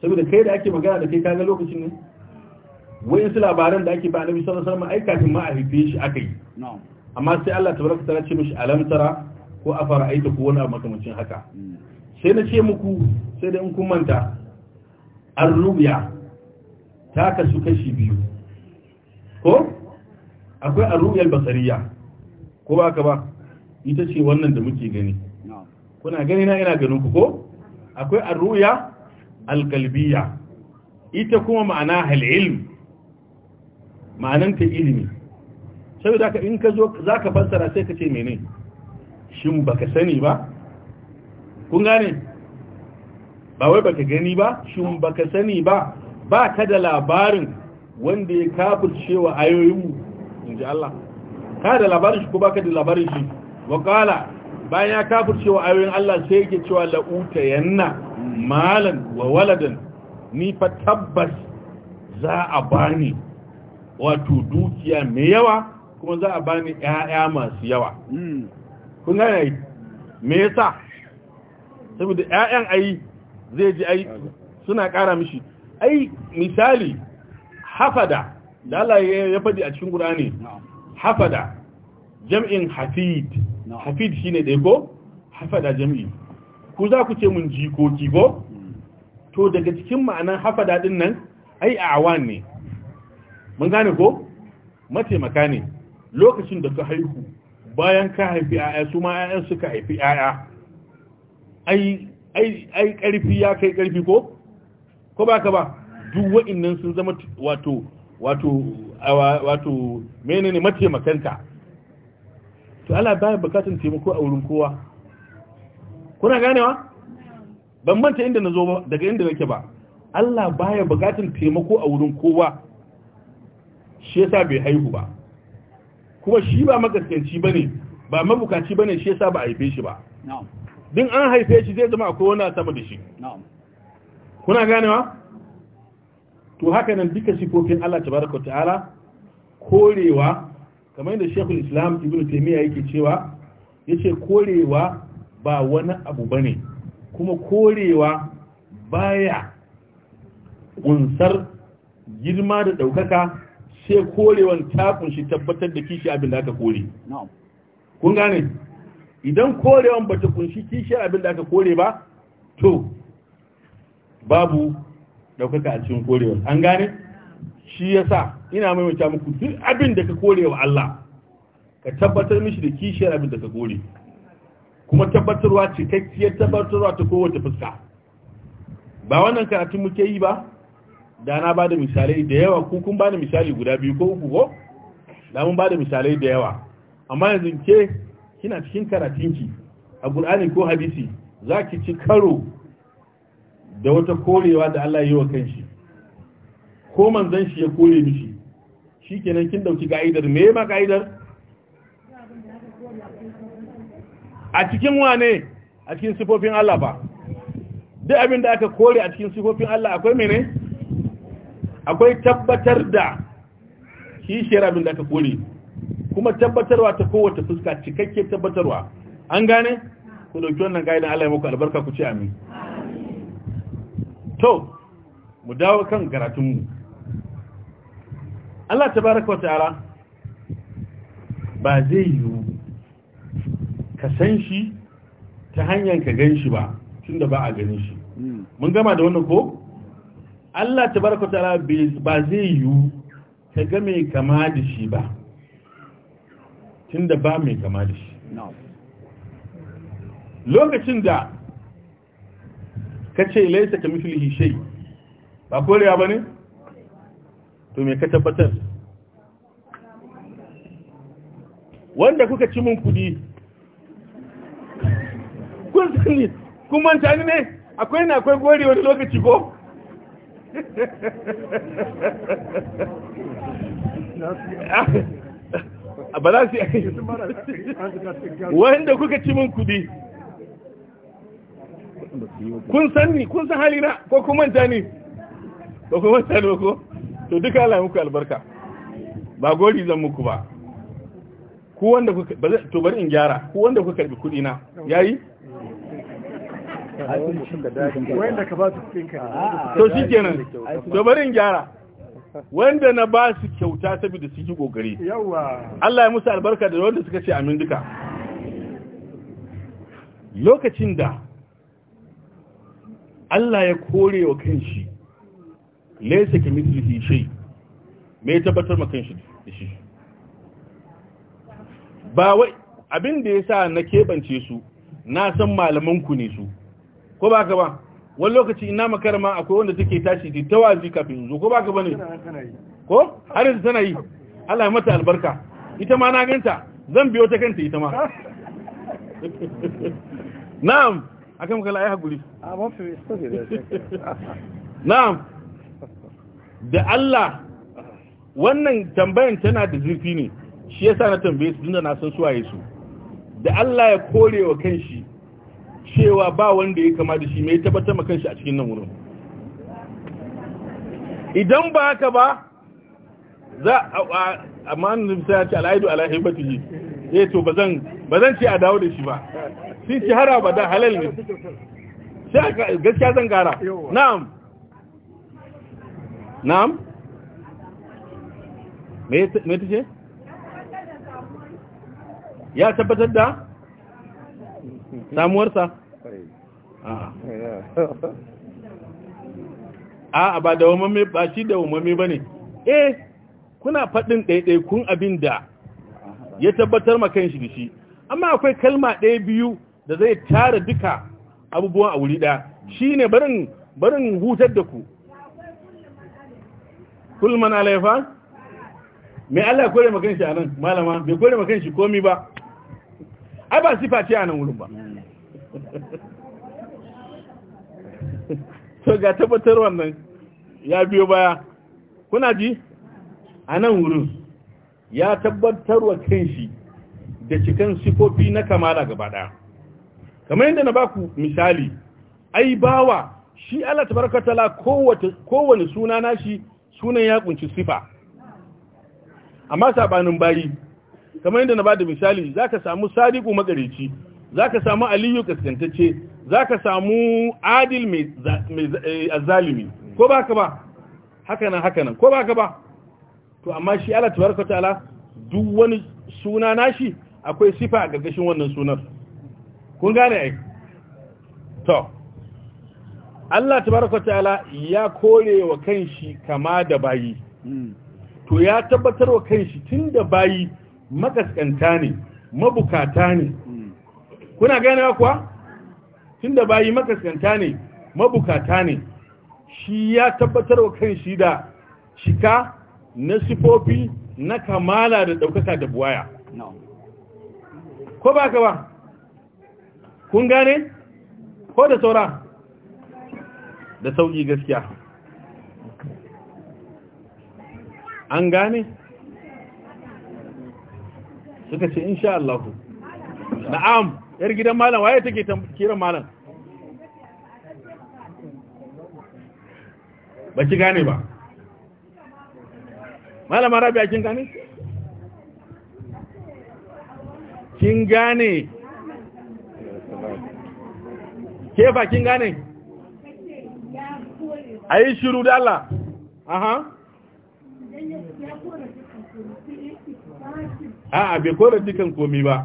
saboda kai da ake magana da kai kaga lokacin ne su labaran da ake ba annabi sallallahu alaihi wasallam ma a shi aka yi amma sai Allah ta ce mishi alam tara ko a fara'aita ko wani makamancin haka mm. sai na ce muku sai da in kun manta ar rubya ta kasu kashi biyu ko akwai arru'yal basariya ko ba ka ba ita ce wannan da muke gani kuna gani na ina ganin ku ko akwai arru'ya alkalbiya ita kuma ma'ana hal'ilm ma'ananta ilimi sau da in ka zo za ka fassara sai ka ce mene ba ka sani ba kun gane ba wai baka gani ba ba ka sani ba ba ta da labarin wanda ya kafirce cewa ayoyinmu in ji Allah ka da labarin shi ko baka da labarin shi wa bayan ya kafir cewa ayoyin Allah sai yake cewa la'uta yanna malan wa waladan ni fa tabbas za a bani wato dukiya mai yawa kuma za a bani ƴaƴa masu yawa hmm. kun gane me yasa saboda ƴaƴan ai zai ji ai suna ƙara mishi ai misali hafada da Allah ya faɗi a cikin Qur'ani hafada jam'in hafid hafid shine daya ko hafada jam'i ku za ku ce mun jikoki ko hmm. to daga cikin ma'anan hafada din nan ai awan ne mun gane ko mataimaka ne lokacin da ka haihu bayan ka haifi aya su ma ayan suka haifi aya ai ai karfi ya kai karfi ko ko ba ka ba duk wa'innan sun zama wato wato wato menene mataimakanka to Allah baya bukatun taimako a wurin kowa kuna ganewa ban manta inda nazo ba daga inda nake ba Allah baya bukatun taimako a wurin kowa shi yasa bai haihu ba kuma shi ba magaskanci bane ba mabukaci bane shi yasa ba haife shi ba na'am din an haife shi zai zama akwai wani a sama da shi na'am kuna ganewa to haka nan duka sifofin Allah tabaraka ta'ala korewa kamar yadda Sheikhul Islam Ibn Taymiyyah yake cewa yace korewa ba wani abu bane kuma korewa baya kunsar girma da ɗaukaka sai korewan ta kunshi tabbatar da kishi abin da aka kore kun gane idan korewan bata kunshi kishi abin da aka kore ba to babu ɗaukaka a cikin korewar an gane shi yasa ina maimaita muku duk abin da ka korewa Allah ka tabbatar mishi da kishiyar abin da ka kore kuma tabbatarwa cikakkiyar tabbatarwa ta kowace fuska ba wannan karatun muke yi ba da na ba da misalai da yawa ko kun ba da misali guda biyu ko uku ko da mun ba da misalai da yawa amma yanzu ke kina cikin karatunki a Qur'ani ko hadisi zaki ci karo da wata korewa da Allah yi wa kanshi ko manzan shi ya kore mishi shi kenan kin dauki ka'idar me ma ka'idar a cikin wane a cikin sifofin Allah ba duk abin da aka kore a cikin sifofin Allah akwai mene akwai tabbatar da kishiyar abin da aka kore kuma tabbatarwa ta kowace fuska cikakke tabbatarwa an gane ku dauki wannan ga'idan Allah ya muku albarka ku ce amin to mu dawo kan karatunmu Allah baraka wata'ala ba zai yiwu ka san shi ta hanyar ka gan shi ba tunda ba a ganin shi hmm. mun gama da wannan ko Allah baraka wata'ala ba zai yiwu ka ga mai kama da shi ba tunda ba mai kama da shi lokacin da kace laisa ka mislihi shay ba koriya bane to me ka tabbatar wanda kuka ci mun kudi kun kuma kun manta ni ne akwai na akwai gori wani lokaci ko A <laughs> balasi su yi <laughs> wanda kuka ci min kudi kun san ni kun san halina ko kun manta ni ba ku manta ni ko to duka Allah muku albarka ba gori zan muku ba ku wanda kuka to bari in gyara ku wanda kuka karbi kudi na yayi wanda ka ba su ka to shikenan to bari in gyara wanda na ba su kyauta saboda su yi yawa Allah ya musu albarka da wanda suka ce amin duka lokacin da Allah ya kore wa kanshi laysa kamithlihi shay me ya tabbatar ma kanshi da shi ba wai abin da yasa na kebance su na san malaman ku ne su ko ba ka ba wani lokaci ina makarama akwai wanda take tashi ta tawazi kafin zo ko ba ka bane ko har yanzu tana yi Allah ya mata albarka ita ma na ganta zan biyo ta kanta ita ma <laughs> na'am akan makala ai haƙuri na'am da Allah wannan tambayan tana da zurfi ne shi yasa na tambaye su tunda na san su waye su da Allah ya kore wa kanshi cewa ba wanda ya kama da shi mai tabbatar ma kanshi a cikin nan wurin idan ba haka ba za a amma annabi sai ya ce alaidu ala hibatihi eh to bazan bazan ce a dawo da shi ba shi ci ba da, halal ne sai gaskiya zan gara na'am na'am me ta ce ya tabbatar da samuwarsa a ba da wamame ba shi da wamame ba ne eh kuna faɗin ɗaiɗaikun abin da ya tabbatar makan shi da shi amma akwai kalma ɗaya biyu da zai tara duka abubuwan a wuri ɗaya shi ne barin hutar da ku kulman alaifa mai Allah kore makan shi a nan malama bai kore makan shi komi ba ai ba sifa ce a nan wurin ba <laughs> To ga tabbatar wannan ya biyo baya kuna ji? a nan wurin ya tabbatar wa shi da cikin sifofi na kamala gaba ɗaya kamar yadda na baku misali ai bawa shi Allah tabaraka taala kowane suna nashi sunan ya kunci sifa amma sabanin bayi kamar yadda na bada misali zaka samu sadiqu za zaka samu aliyu kaskantacce zaka samu adil mai azalimi. Eh, ko baka ba haka nan haka nan ko baka ba to amma shi Allah tabaraka ta'ala duk wani suna nashi akwai sifa a gargashin wannan sunan kun gane ai to Allah tabaraka ta'ala ya kore wa kanshi kama da bayi hmm. to ya tabbatar wa kanshi tunda bayi makaskanta ne mabukata ne hmm. kuna ganewa kuwa tunda bayi makaskanta ne mabukata ne shi ya tabbatar wa kanshi da shika na sifofi na kamala da ɗaukaka da buwaya ko ba ka ba kun gane ko da saura da sauƙi gaskiya an gane suka ce insha Allah na'am yar gidan malam waye take kiran malam ba ki gane ba malama rabia kin gane kin gane ke ba kin gane ayi shiru da Allah aha a bai kore dukan komi ba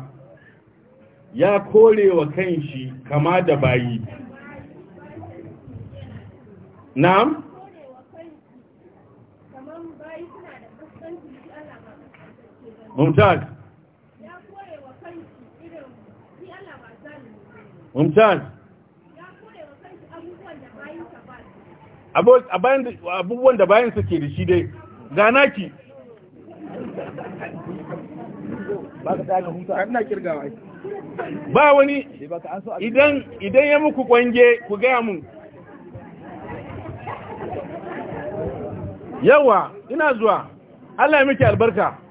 ya kore wa kanshi kama da bayi na'am mumtaz mumtaz abubuwan da bayan suke da shi dai gana ki ba wani idan ya muku kwange ku gaya mun yawa ina zuwa Allah ya miki albarka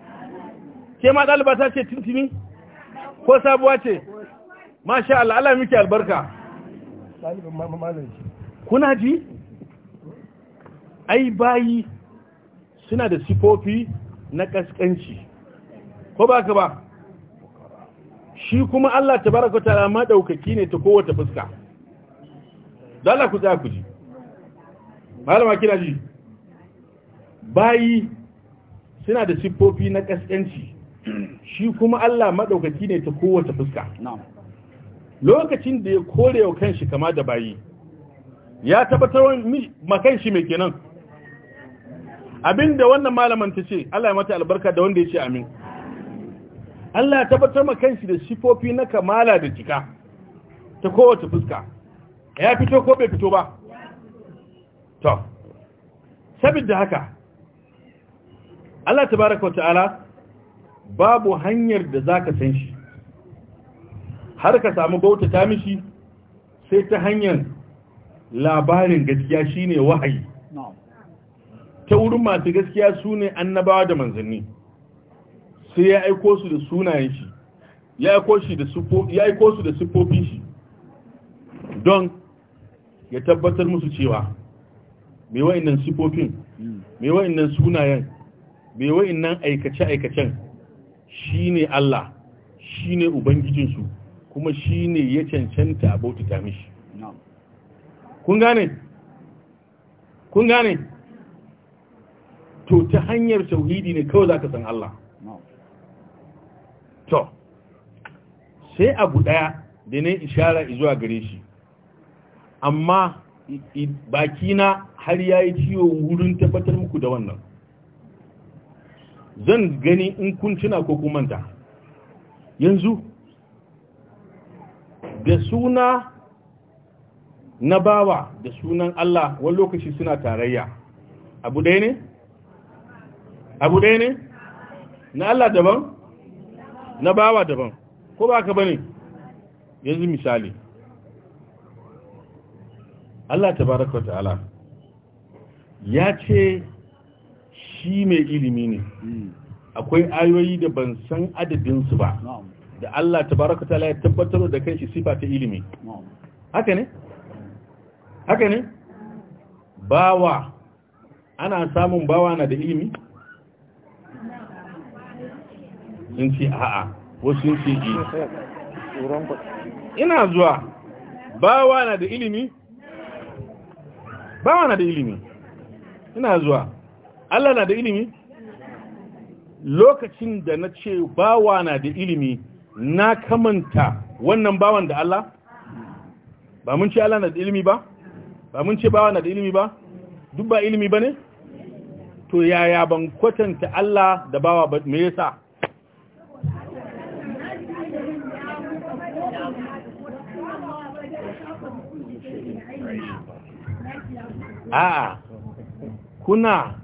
ke ma ɗaliba ta ce tuntuni ko sabuwa ce masha Allah Allah miki albarka kuna ji ai bayi suna da sifofi na kaskanci ko ba ka ba shi kuma Allah ta ta rama madaukaki ne ta kowace fuska don Allah ku tsaya ku ji malama kina ji bayi suna da sifofi na kaskanci shi kuma Allah maɗaukaki ne ta kowace fuska lokacin da ya kore wa kanshi kama da bayi ya tabbatar makanshi mai kenan abinda wannan malaman ta ce Allah ya mata albarka da wanda ya ce amin Allah ya tabbatar makanshi da sifofi na kamala da jika ta kowace fuska ya fito ko bai fito ba to saboda haka Allah tabaraka wa ta'ala babu hanyar da za ka san shi har ka samu bauta ta mishi sai ta hanyar labarin gaskiya shine wahayi ta wurin masu gaskiya su ne annabawa da manzanni sai ya aiko su da sunayen shi ya aiko su da siffofin shi don ya tabbatar musu cewa mai wa'in nan siffofin mai hmm. nan sunayen mai nan aikace-aikacen Shi ne Allah shi ne ubangijinsu kuma shi ne ya cancanta a ta mishi kun gane kun gane to ta hanyar tauhidi ne kawai za ka san Allah to sai abu ɗaya da ne ishara zuwa gare shi amma bakina har ya yi ciwo wurin tabbatar muku da wannan zan gani in kun tuna ko kun manta yanzu da suna na bawa da sunan Allah wani lokaci suna tarayya abu ɗaya ne? abu ɗaya ne? na Allah daban? na bawa daban ko ba ka bane yanzu misali Allah tabaraka ta'ala ya ce shi mai ilimi ne hmm. akwai ayoyi da ban san adadinsu ba da Allah tabaraka Ta ya tabbatar da kai sifa ta ilimi haka ne haka ne bawa ana samun bawa na da ilimi sun ce a'a wasu sun ce ina zuwa bawa na da ilimi bawa na da ilimi ina zuwa Allah na da ilimi lokacin da na ce bawa na da ilimi na kamanta wannan bawan da Allah ba mun ce Allah na da ilimi ba ba mun ce bawa na da ilimi ba duk ba ilimi ba ne to yaya ban kwatanta Allah da bawa ba me yasa a'a kuna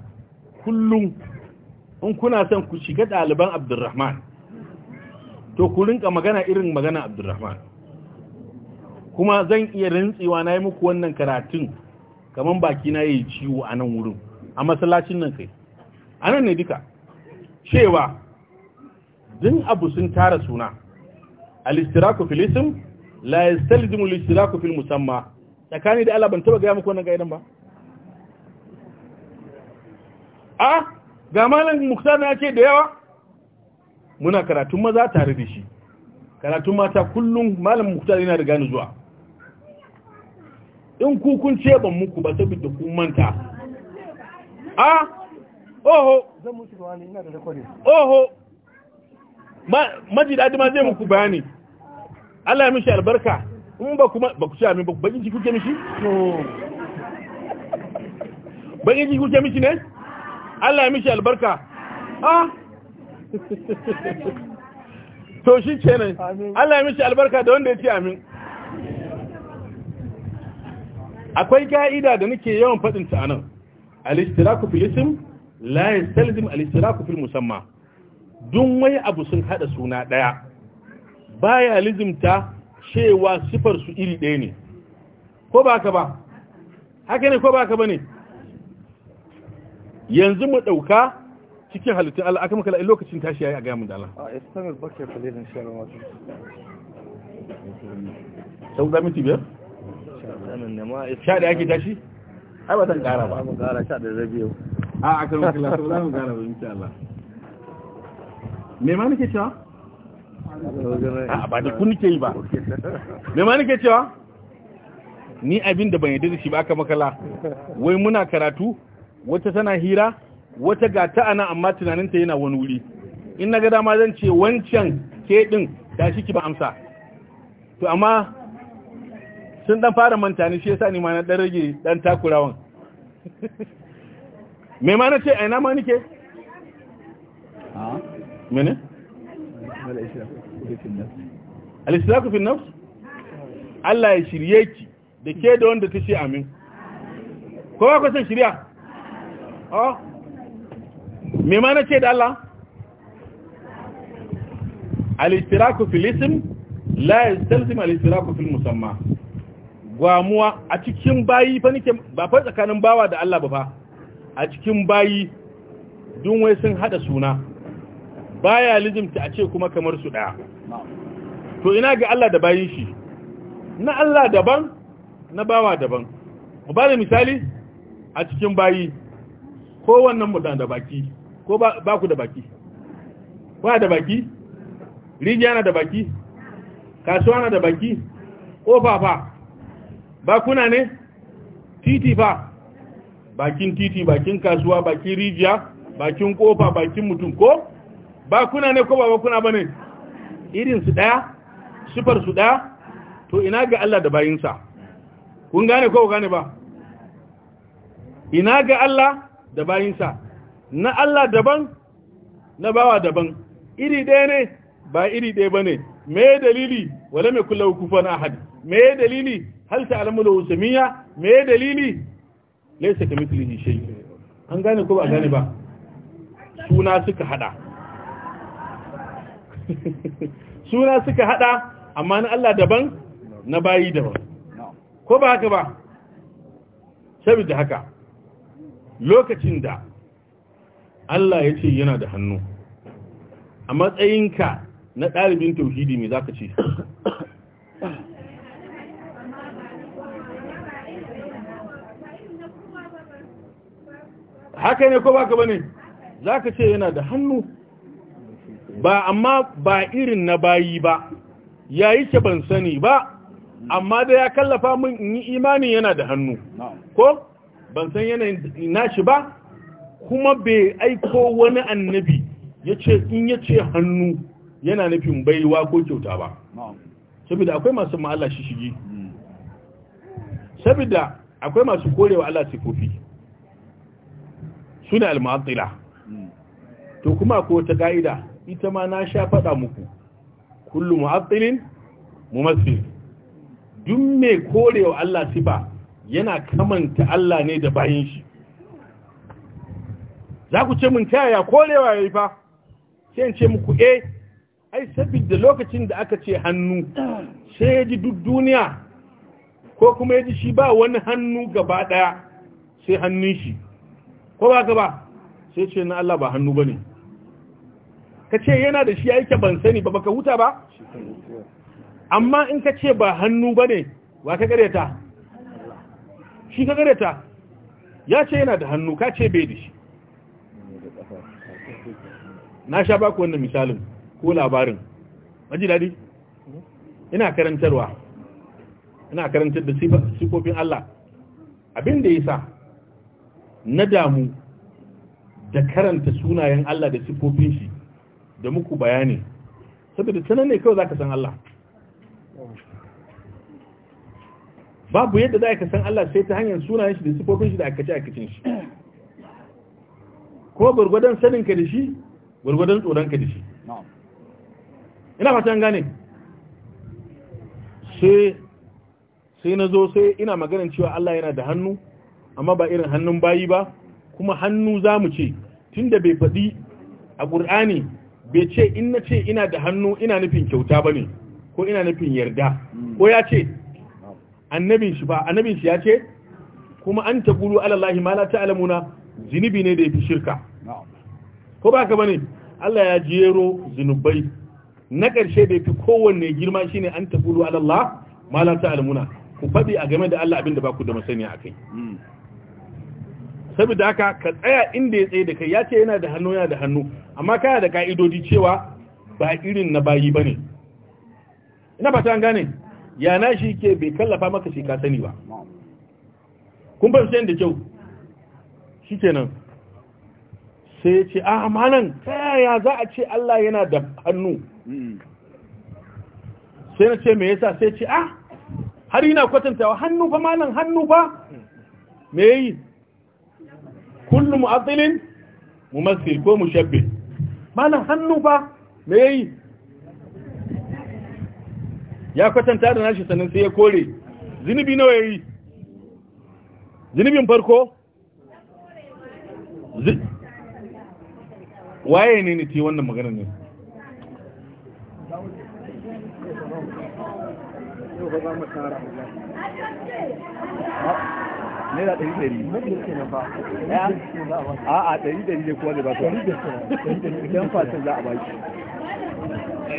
kullum in kuna son ku shiga ɗaliban abdurrahman to ku rinka magana irin magana abdurrahman kuma zan iya rintsewa na yi muku wannan karatun kamar baki na yi ciwo a nan wurin a matsalacin nan kai a nan ne duka cewa din abu sun tara suna alistiraku filisim la yastalzimu alistiraku tsakani da alabanta ban taba yi muku wannan gaidan ba a ga malin muktar na ce da yawa muna karatun maza tare da shi karatun mata kullum malam muktar yana da gani zuwa in ku kun ce ban muku ba sabi kun manta a oho zan da wani da oho maji da ma zai muku bayani Allah ya mishi albarka in ba kuma ba ku ce amin ba bakin ciki kuke mishi? bakin ciki kuke mishi ne? Allah ya mishi albarka ah <laughs> to shi kenan Allah ya mishi albarka da wanda ya ce amin akwai ka'ida da nake yawan fadin ta anan al-istiraku fil ism la yastalzim al-istiraku fil musamma dun wai abu sun hada suna daya baya lizimta cewa sifar su iri ɗaya ne ko ba ka ba haka ne ko ba ka ba ne yanzu mu dauka cikin halittun Allah aka makala lokacin tashi yayi a gamin da Allah a istamir bakar kalilin sharar wato sau da minti biyar? sha da yake tashi? ai ba zan gara ba mu gara sha da rabi yau a aka makala sau za mu gara ba insha Allah me ma nake cewa? a ba da kun ke yi ba me ma nake cewa? ni abin da ban yi da shi ba aka makala wai muna karatu wata tana hira wata ga ta ana amma tunaninta yana wani wuri in na ga dama zan ce wancan ke din tashi ki ba amsa to amma sun dan fara manta ni shi yasa ni ma na dan rage dan takurawan <laughs> me ma na ce na ma nike a mene al-islaku fi nafs Allah ya shirye ki da ke da wanda ta ce amin kowa kusan shirya oh me ma na ce da Allah al-istiraku fil ism la yastalzim al-istiraku fil musamma gwamuwa a cikin bayi fa nike ba fa tsakanin bawa da Allah ba fa a cikin bayi dun sun hada suna baya lizimta a ce kuma kamar su daya to ina ga Allah da bayin shi na Allah daban na bawa daban mu ba da misali a cikin bayi ko wannan mutan da baki ko ba ku da baki ba da baki rijiya na da baki kasuwa na da baki ƙofa fa kuna ne titi fa bakin titi bakin kasuwa bakin rijiya bakin kofa bakin mutum ko ba kuna ne ko ba kuna ba ne irinsu ɗaya su ɗaya to ina ga Allah da bayinsa kun gane ko gane ba ina ga Allah da bayinsa na Allah daban na bawa daban iri ɗaya ne ba iri ɗaya ba ne me dalili wale mai kula na ahad me dalili hal al'amula lahu samia me dalili laysa kamithlihi shay an gane ko ba gane ba suna suka hada <laughs> suna suka hada amma na Allah daban na bayi daban ko ba haka ba da haka lokacin da Allah ya ce yana da hannu a matsayinka na ɗalibin tauhidi mai za ka ce haka ne ko baka bane za ka ce yana da hannu ba amma ba irin na bayi ba ya yi ban sani ba amma da ya kallafa min in yi imani yana da hannu ko ban san yanayin shi ba kuma bai aiko wani annabi ya ce in ya ce hannu yana nufin baiwa ko kyauta ba saboda akwai masu ma'ala shi shigi saboda akwai masu korewa Allah sifofi suna al-mu'attila hmm. to kuma ko ta ga'ida ita ma na sha faɗa muku kullu mu'attilin mumassil duk me korewa Allah sifa yana kamanta Allah ne da bayin shi za ku ce mun taya korewa ya yi fa sai an ce muku eh ai sabida lokacin da aka ce hannu sai ya ji duk duniya ko kuma ya ji shi ba wani hannu gaba daya sai hannun shi ko ba gaba sai ce na Allah ba hannu ba ne ka ce yana da shi ya ban sani ba baka huta ba amma in ka ce ba hannu ba ne ba ka gareta shi ka gare ta ya ce yana da hannu ka ce bai da shi na sha baku wannan misalin ko labarin maji dadi ina karantarwa ina karantar da sifofin Allah abin da ya sa na damu da karanta sunayen Allah da sifofin shi da muku bayani saboda tana ne kawai zaka san Allah babu yadda za ka san Allah sai ta hanyar sunayen shi da sifofin shi da aka cin shi ko gurgudan sanin da shi gurgudan tsoron da shi ina fatan gane sai na zo sai ina maganin cewa Allah yana da hannu amma ba irin hannun bayi ba kuma hannu za mu ce tunda bai faɗi a ƙur'ani bai ce in na ce ina da hannu ina nufin kyauta ba ne ko ina nufin yarda ko ya ce annabin shi ba annabin shi ya ce kuma an taqulu ala allahi ma la ta'lamuna zinubi ne da yafi shirka ko ba ka bane Allah ya jero zinubai na ƙarshe da yafi kowanne girma shine an taqulu ala allah ma la ta'lamuna ku faɗi a game da Allah abinda da ba ku da masaniya akai saboda haka ka tsaya inda ya tsaye da kai ya ce yana da hannu yana da hannu amma kana da ka'idodi cewa ba irin na bayi bane ina ba ta gane ya na shi ke bai kallafa maka shi ka sani ba kun fahimci yadda kyau shi ke nan. sai ya ce a manan ta yaya za a ce Allah yana da hannu sai na ce me yasa sai ce a ah, har yana kwatantawa hannu fa manan hannu ba? me yi kullu mu mumassil ko mu shabbe manan hannu ba? me yi ya kwatanta da nashi sannan sai ya kore zinubi nawa yayi zinubin farko waye ne ne ce wannan magana ne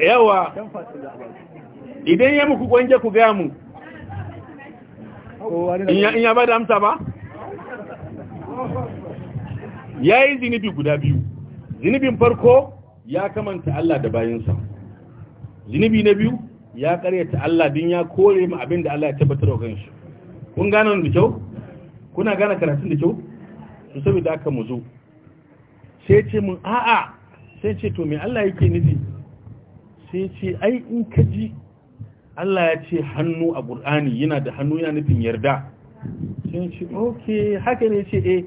yawa idan ya muku kwanje ku gaya mu in ya ba da amsa ba ya yi zinibi guda biyu zinibin farko ya kamanta Allah da bayansa zinibi na biyu ya karyata Allah din ya kore mu abin da Allah ya tabbatar wa shi kun gane da kyau kuna gane karatun da kyau su da aka muzo sai ce mun a'a sai ce to me Allah yake nufi sai ce ai in ka ji Allah ya ce hannu a ƙur'ani yana da hannu yana nufin yarda sai ce ok haka ne ce eh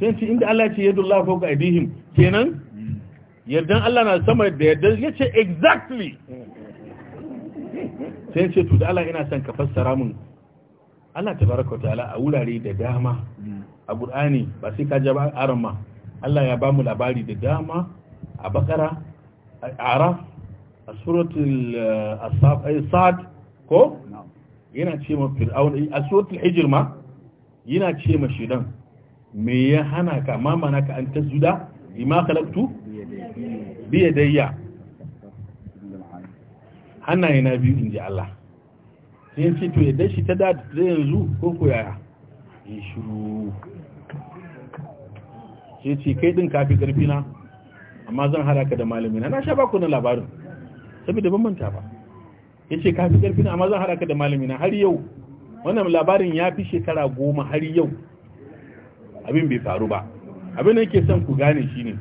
sai ce inda Allah ya ce yadda Allah fauka aidihim kenan yardan Allah na sama da yadda ya ce exactly sai ce to da Allah ina son ka fassara mun Allah ta wa ta'ala a wurare da dama a Qur'ani ba sai ka ba aran ma Allah ya ba mu labari da dama a Bakara a Araf a suratul asad ko yana ce ma fir'aun a ma yana ce ma shidan me ya hana ka ma mana ka an tasjuda lima kalaktu bi yadayya hannaye na biyu ji Allah sai ya ce to yadda shi ta da ta yanzu ko ko yaya yi shiru sai ce kai din kafi karfi na amma zan hada ka da malamina na sha baku na labarin saboda ban manta ba ce ka fi karfi amma zan haɗa ka da malamina. har yau wannan labarin ya fi shekara goma har yau abin bai faru ba abin da ke son ku gane shi ne.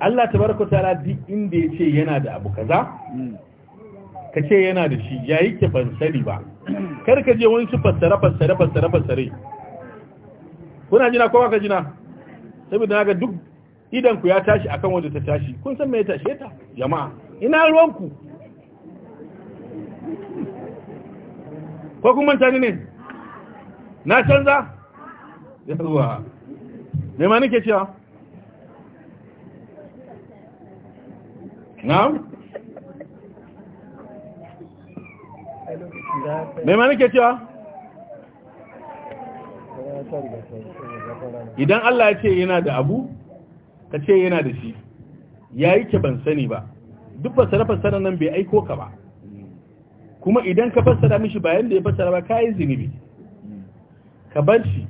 Allah ta tabaraka tara duk inda ya ce yana da abu kaza ka ce yana da shi ya yi ban sani ba kar ka je wani su fassare fassare fassare fassare kuna jina kowa ka jina saboda haka duk idan ku ya tashi akan wanda ta tashi kun san me ya tashi ta jama'a ina ruwanku ko kun manta ni ne na canza yawa me ma nake cewa na'am me ma nake cewa idan Allah ya ce yana da abu ka ce yana da shi ya yi ke ban sani ba duk fasara-fasara nan bai aiko ka ba kuma idan ka fassara mishi bayan da ya fasara ba ka yi zinibi ka bar shi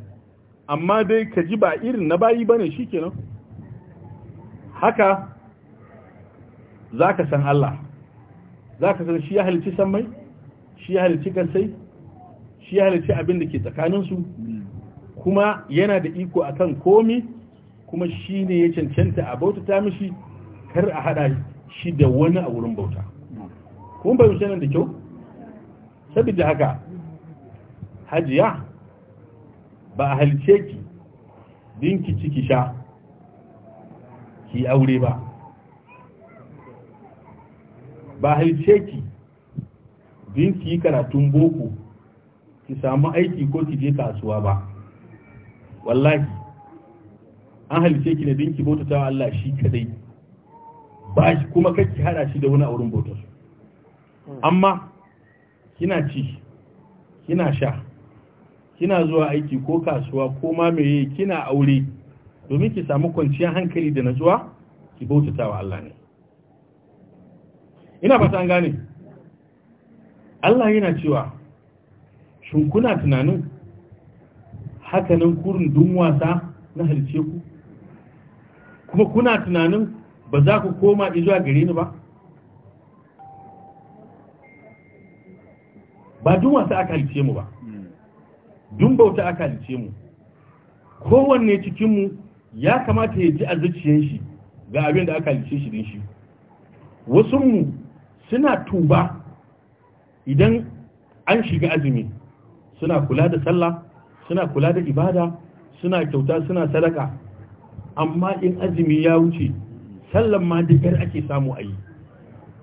amma dai ka ji ba irin na bayi ba ne shi kenan haka za ka san Allah za ka san shi ya halici sammai shi ya halici gasai, shi ya halici abin da ke tsakaninsu kuma yana da iko akan komi kuma shi ne ya cancanta a bauta ta mishi kar a hada shi da wani a wurin bauta kuma bai wuce nan da kyau saboda haka hajiya ba a halice ki dinki ciki sha ki aure ba ba halice ki dinki karatun boko ki samu aiki ko ki je kasuwa ba wallahi an halice ki ne don ki bautata Allah shi kadai ba shi kuma kake hada shi da wani a wurin bautar amma kina ci kina sha kina zuwa aiki ko kasuwa ko ma meye kina aure domin ki samu kwanciyar hankali da natsuwa ki bautata wa Allah ne ina fata an gane Allah yana cewa shin kuna tunanin hakanan kurin dun wasa na halice ku kuma kuna tunanin ba za ku koma izuwa gare ni ba ba dun wasu aka halice mu ba dun bauta aka halice mu kowanne cikinmu ya kamata ya ji a zuciyar shi ga abin da aka halice shi din shi wasunmu suna tuba idan an shiga azumi suna kula da sallah suna kula da ibada suna kyauta suna sadaka amma in azumi ya wuce sallan ma dukkan ake samu a yi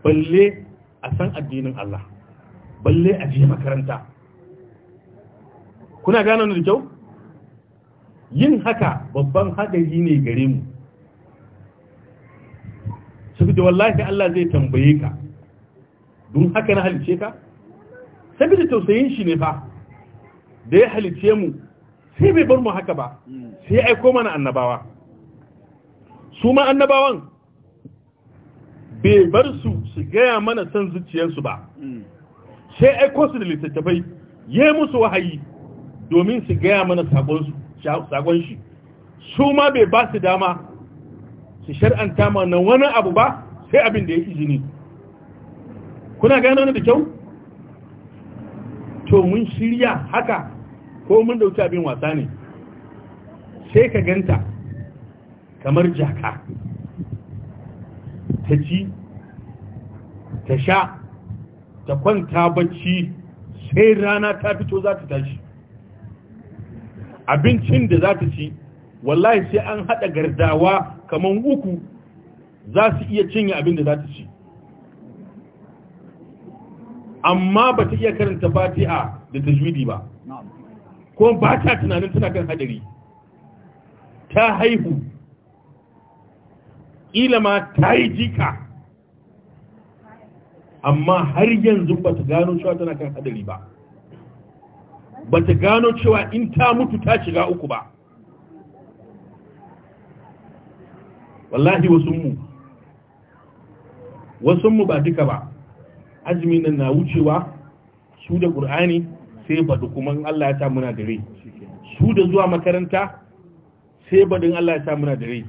balle a san addinin Allah balle a je makaranta kuna gano da kyau yin haka babban hadari ne gare mu su da wallahi Allah zai tambaye ka don haka na halice ka sabida tausayin shi ne fa da ya halice mu sai bai bar mu haka ba sai aiko mana annabawa su ma annabawan bai bar su su gaya mana san zuciyarsu ba hmm. sai ko su da littattafai yi musu wahayi domin su gaya mana sakon shi su ma bai ba su dama su shar'anta mana wani abu ba sai abin da ya izini kuna gano da kyau to mun shirya haka ko mun dauki abin wasa ne sai ka ganta kamar jaka ta ci ta sha ta kwanta bacci sai rana ta fito za ta tashi abincin da za ta ci wallahi sai an haɗa gardawa kamar uku za su iya cinye abin da za ta ci amma ba ta iya karanta fatiha da tajwidi ba ko ba ta tunanin tana kan hadari ta haihu kila ma ta yi jika amma har yanzu ba ta gano cewa tana kan hadari ba ba ta gano cewa in ta mutu ta shiga uku ba wallahi wasunmu wasunmu ba duka ba azumi nan na wucewa su da ƙur'ani sai baɗi kuma in Allah ya sa muna da rai su da zuwa makaranta sai baɗin Allah ya sa muna da rai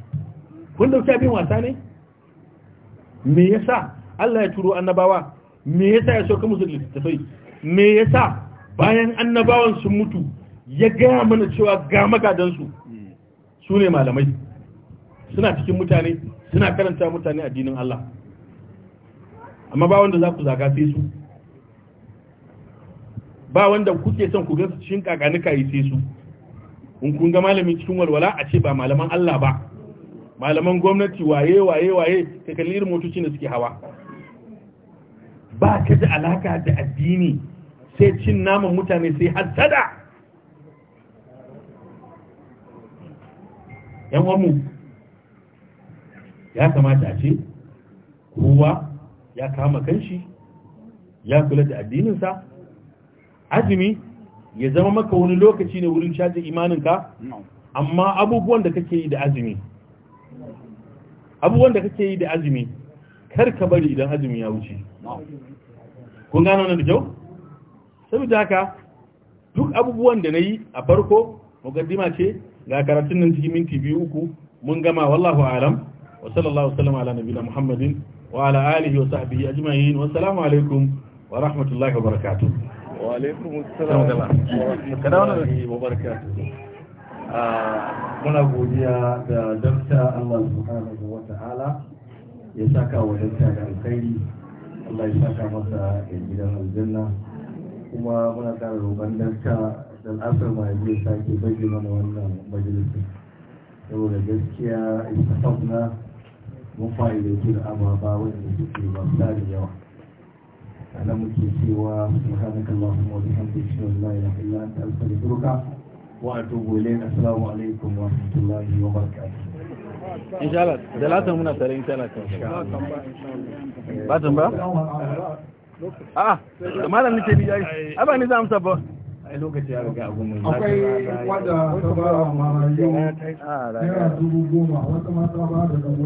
kun dauki abin wasa ne me yasa Allah ya turo annabawa me yasa ya sauka musu littattafai me yasa bayan annabawan sun mutu ya gaya mana cewa ga magadansu su ne malamai suna cikin mutane suna karanta mutane addinin Allah amma ba wanda za ku zaga sai su ba wanda kuke son ku ga cikin kaganuka yi sai su in kun ga malami cikin walwala a ce ba malaman Allah ba malaman gwamnati waye waye waye ka kalli irin motoci da suke hawa ba ka da alaka da addini sai cin naman mutane sai hasada yan wamu ya kamata a ce kowa ya kama kanshi ya kula da addininsa azumi ya zama maka wani lokaci ne wurin caji imaninka amma abubuwan da kake yi da azumi abubuwan da kake yi da azumi kar ka bari idan azumi ya wuce kun gano nan da kyau saboda haka duk abubuwan da na yi a farko mukaddima ce ga karatun nan cikin minti biyu uku mun gama wallahu alam wa sallallahu wa ala nabiyina muhammadin wa ala alihi wa sahbihi ajma'in wa assalamu alaikum wa rahmatullahi wa barakatuh wa alaikum assalam wa rahmatullahi wa barakatuh Ah, muna godiya da dokta Allah subhanahu wa ta'ala ya saka wa dokta da alkhairi Allah ya saka masa ya gidan aljanna kuma muna kara roƙon dokta da asar ma ya sake bayyana mana wannan majalisa saboda gaskiya istafafna mun fa'idantu da ababa wanda suke masu da yawa a nan muke cewa subhanakallahumma wa bihamdika la ilaha illa anta astaghfiruka wato gole na salamu alaikum wa rahmatullahi wa barakatuh da latin muna tare inshallah lokaci ya ga abun mun akwai wanda sabara ma ran yau ya dubu mata ba da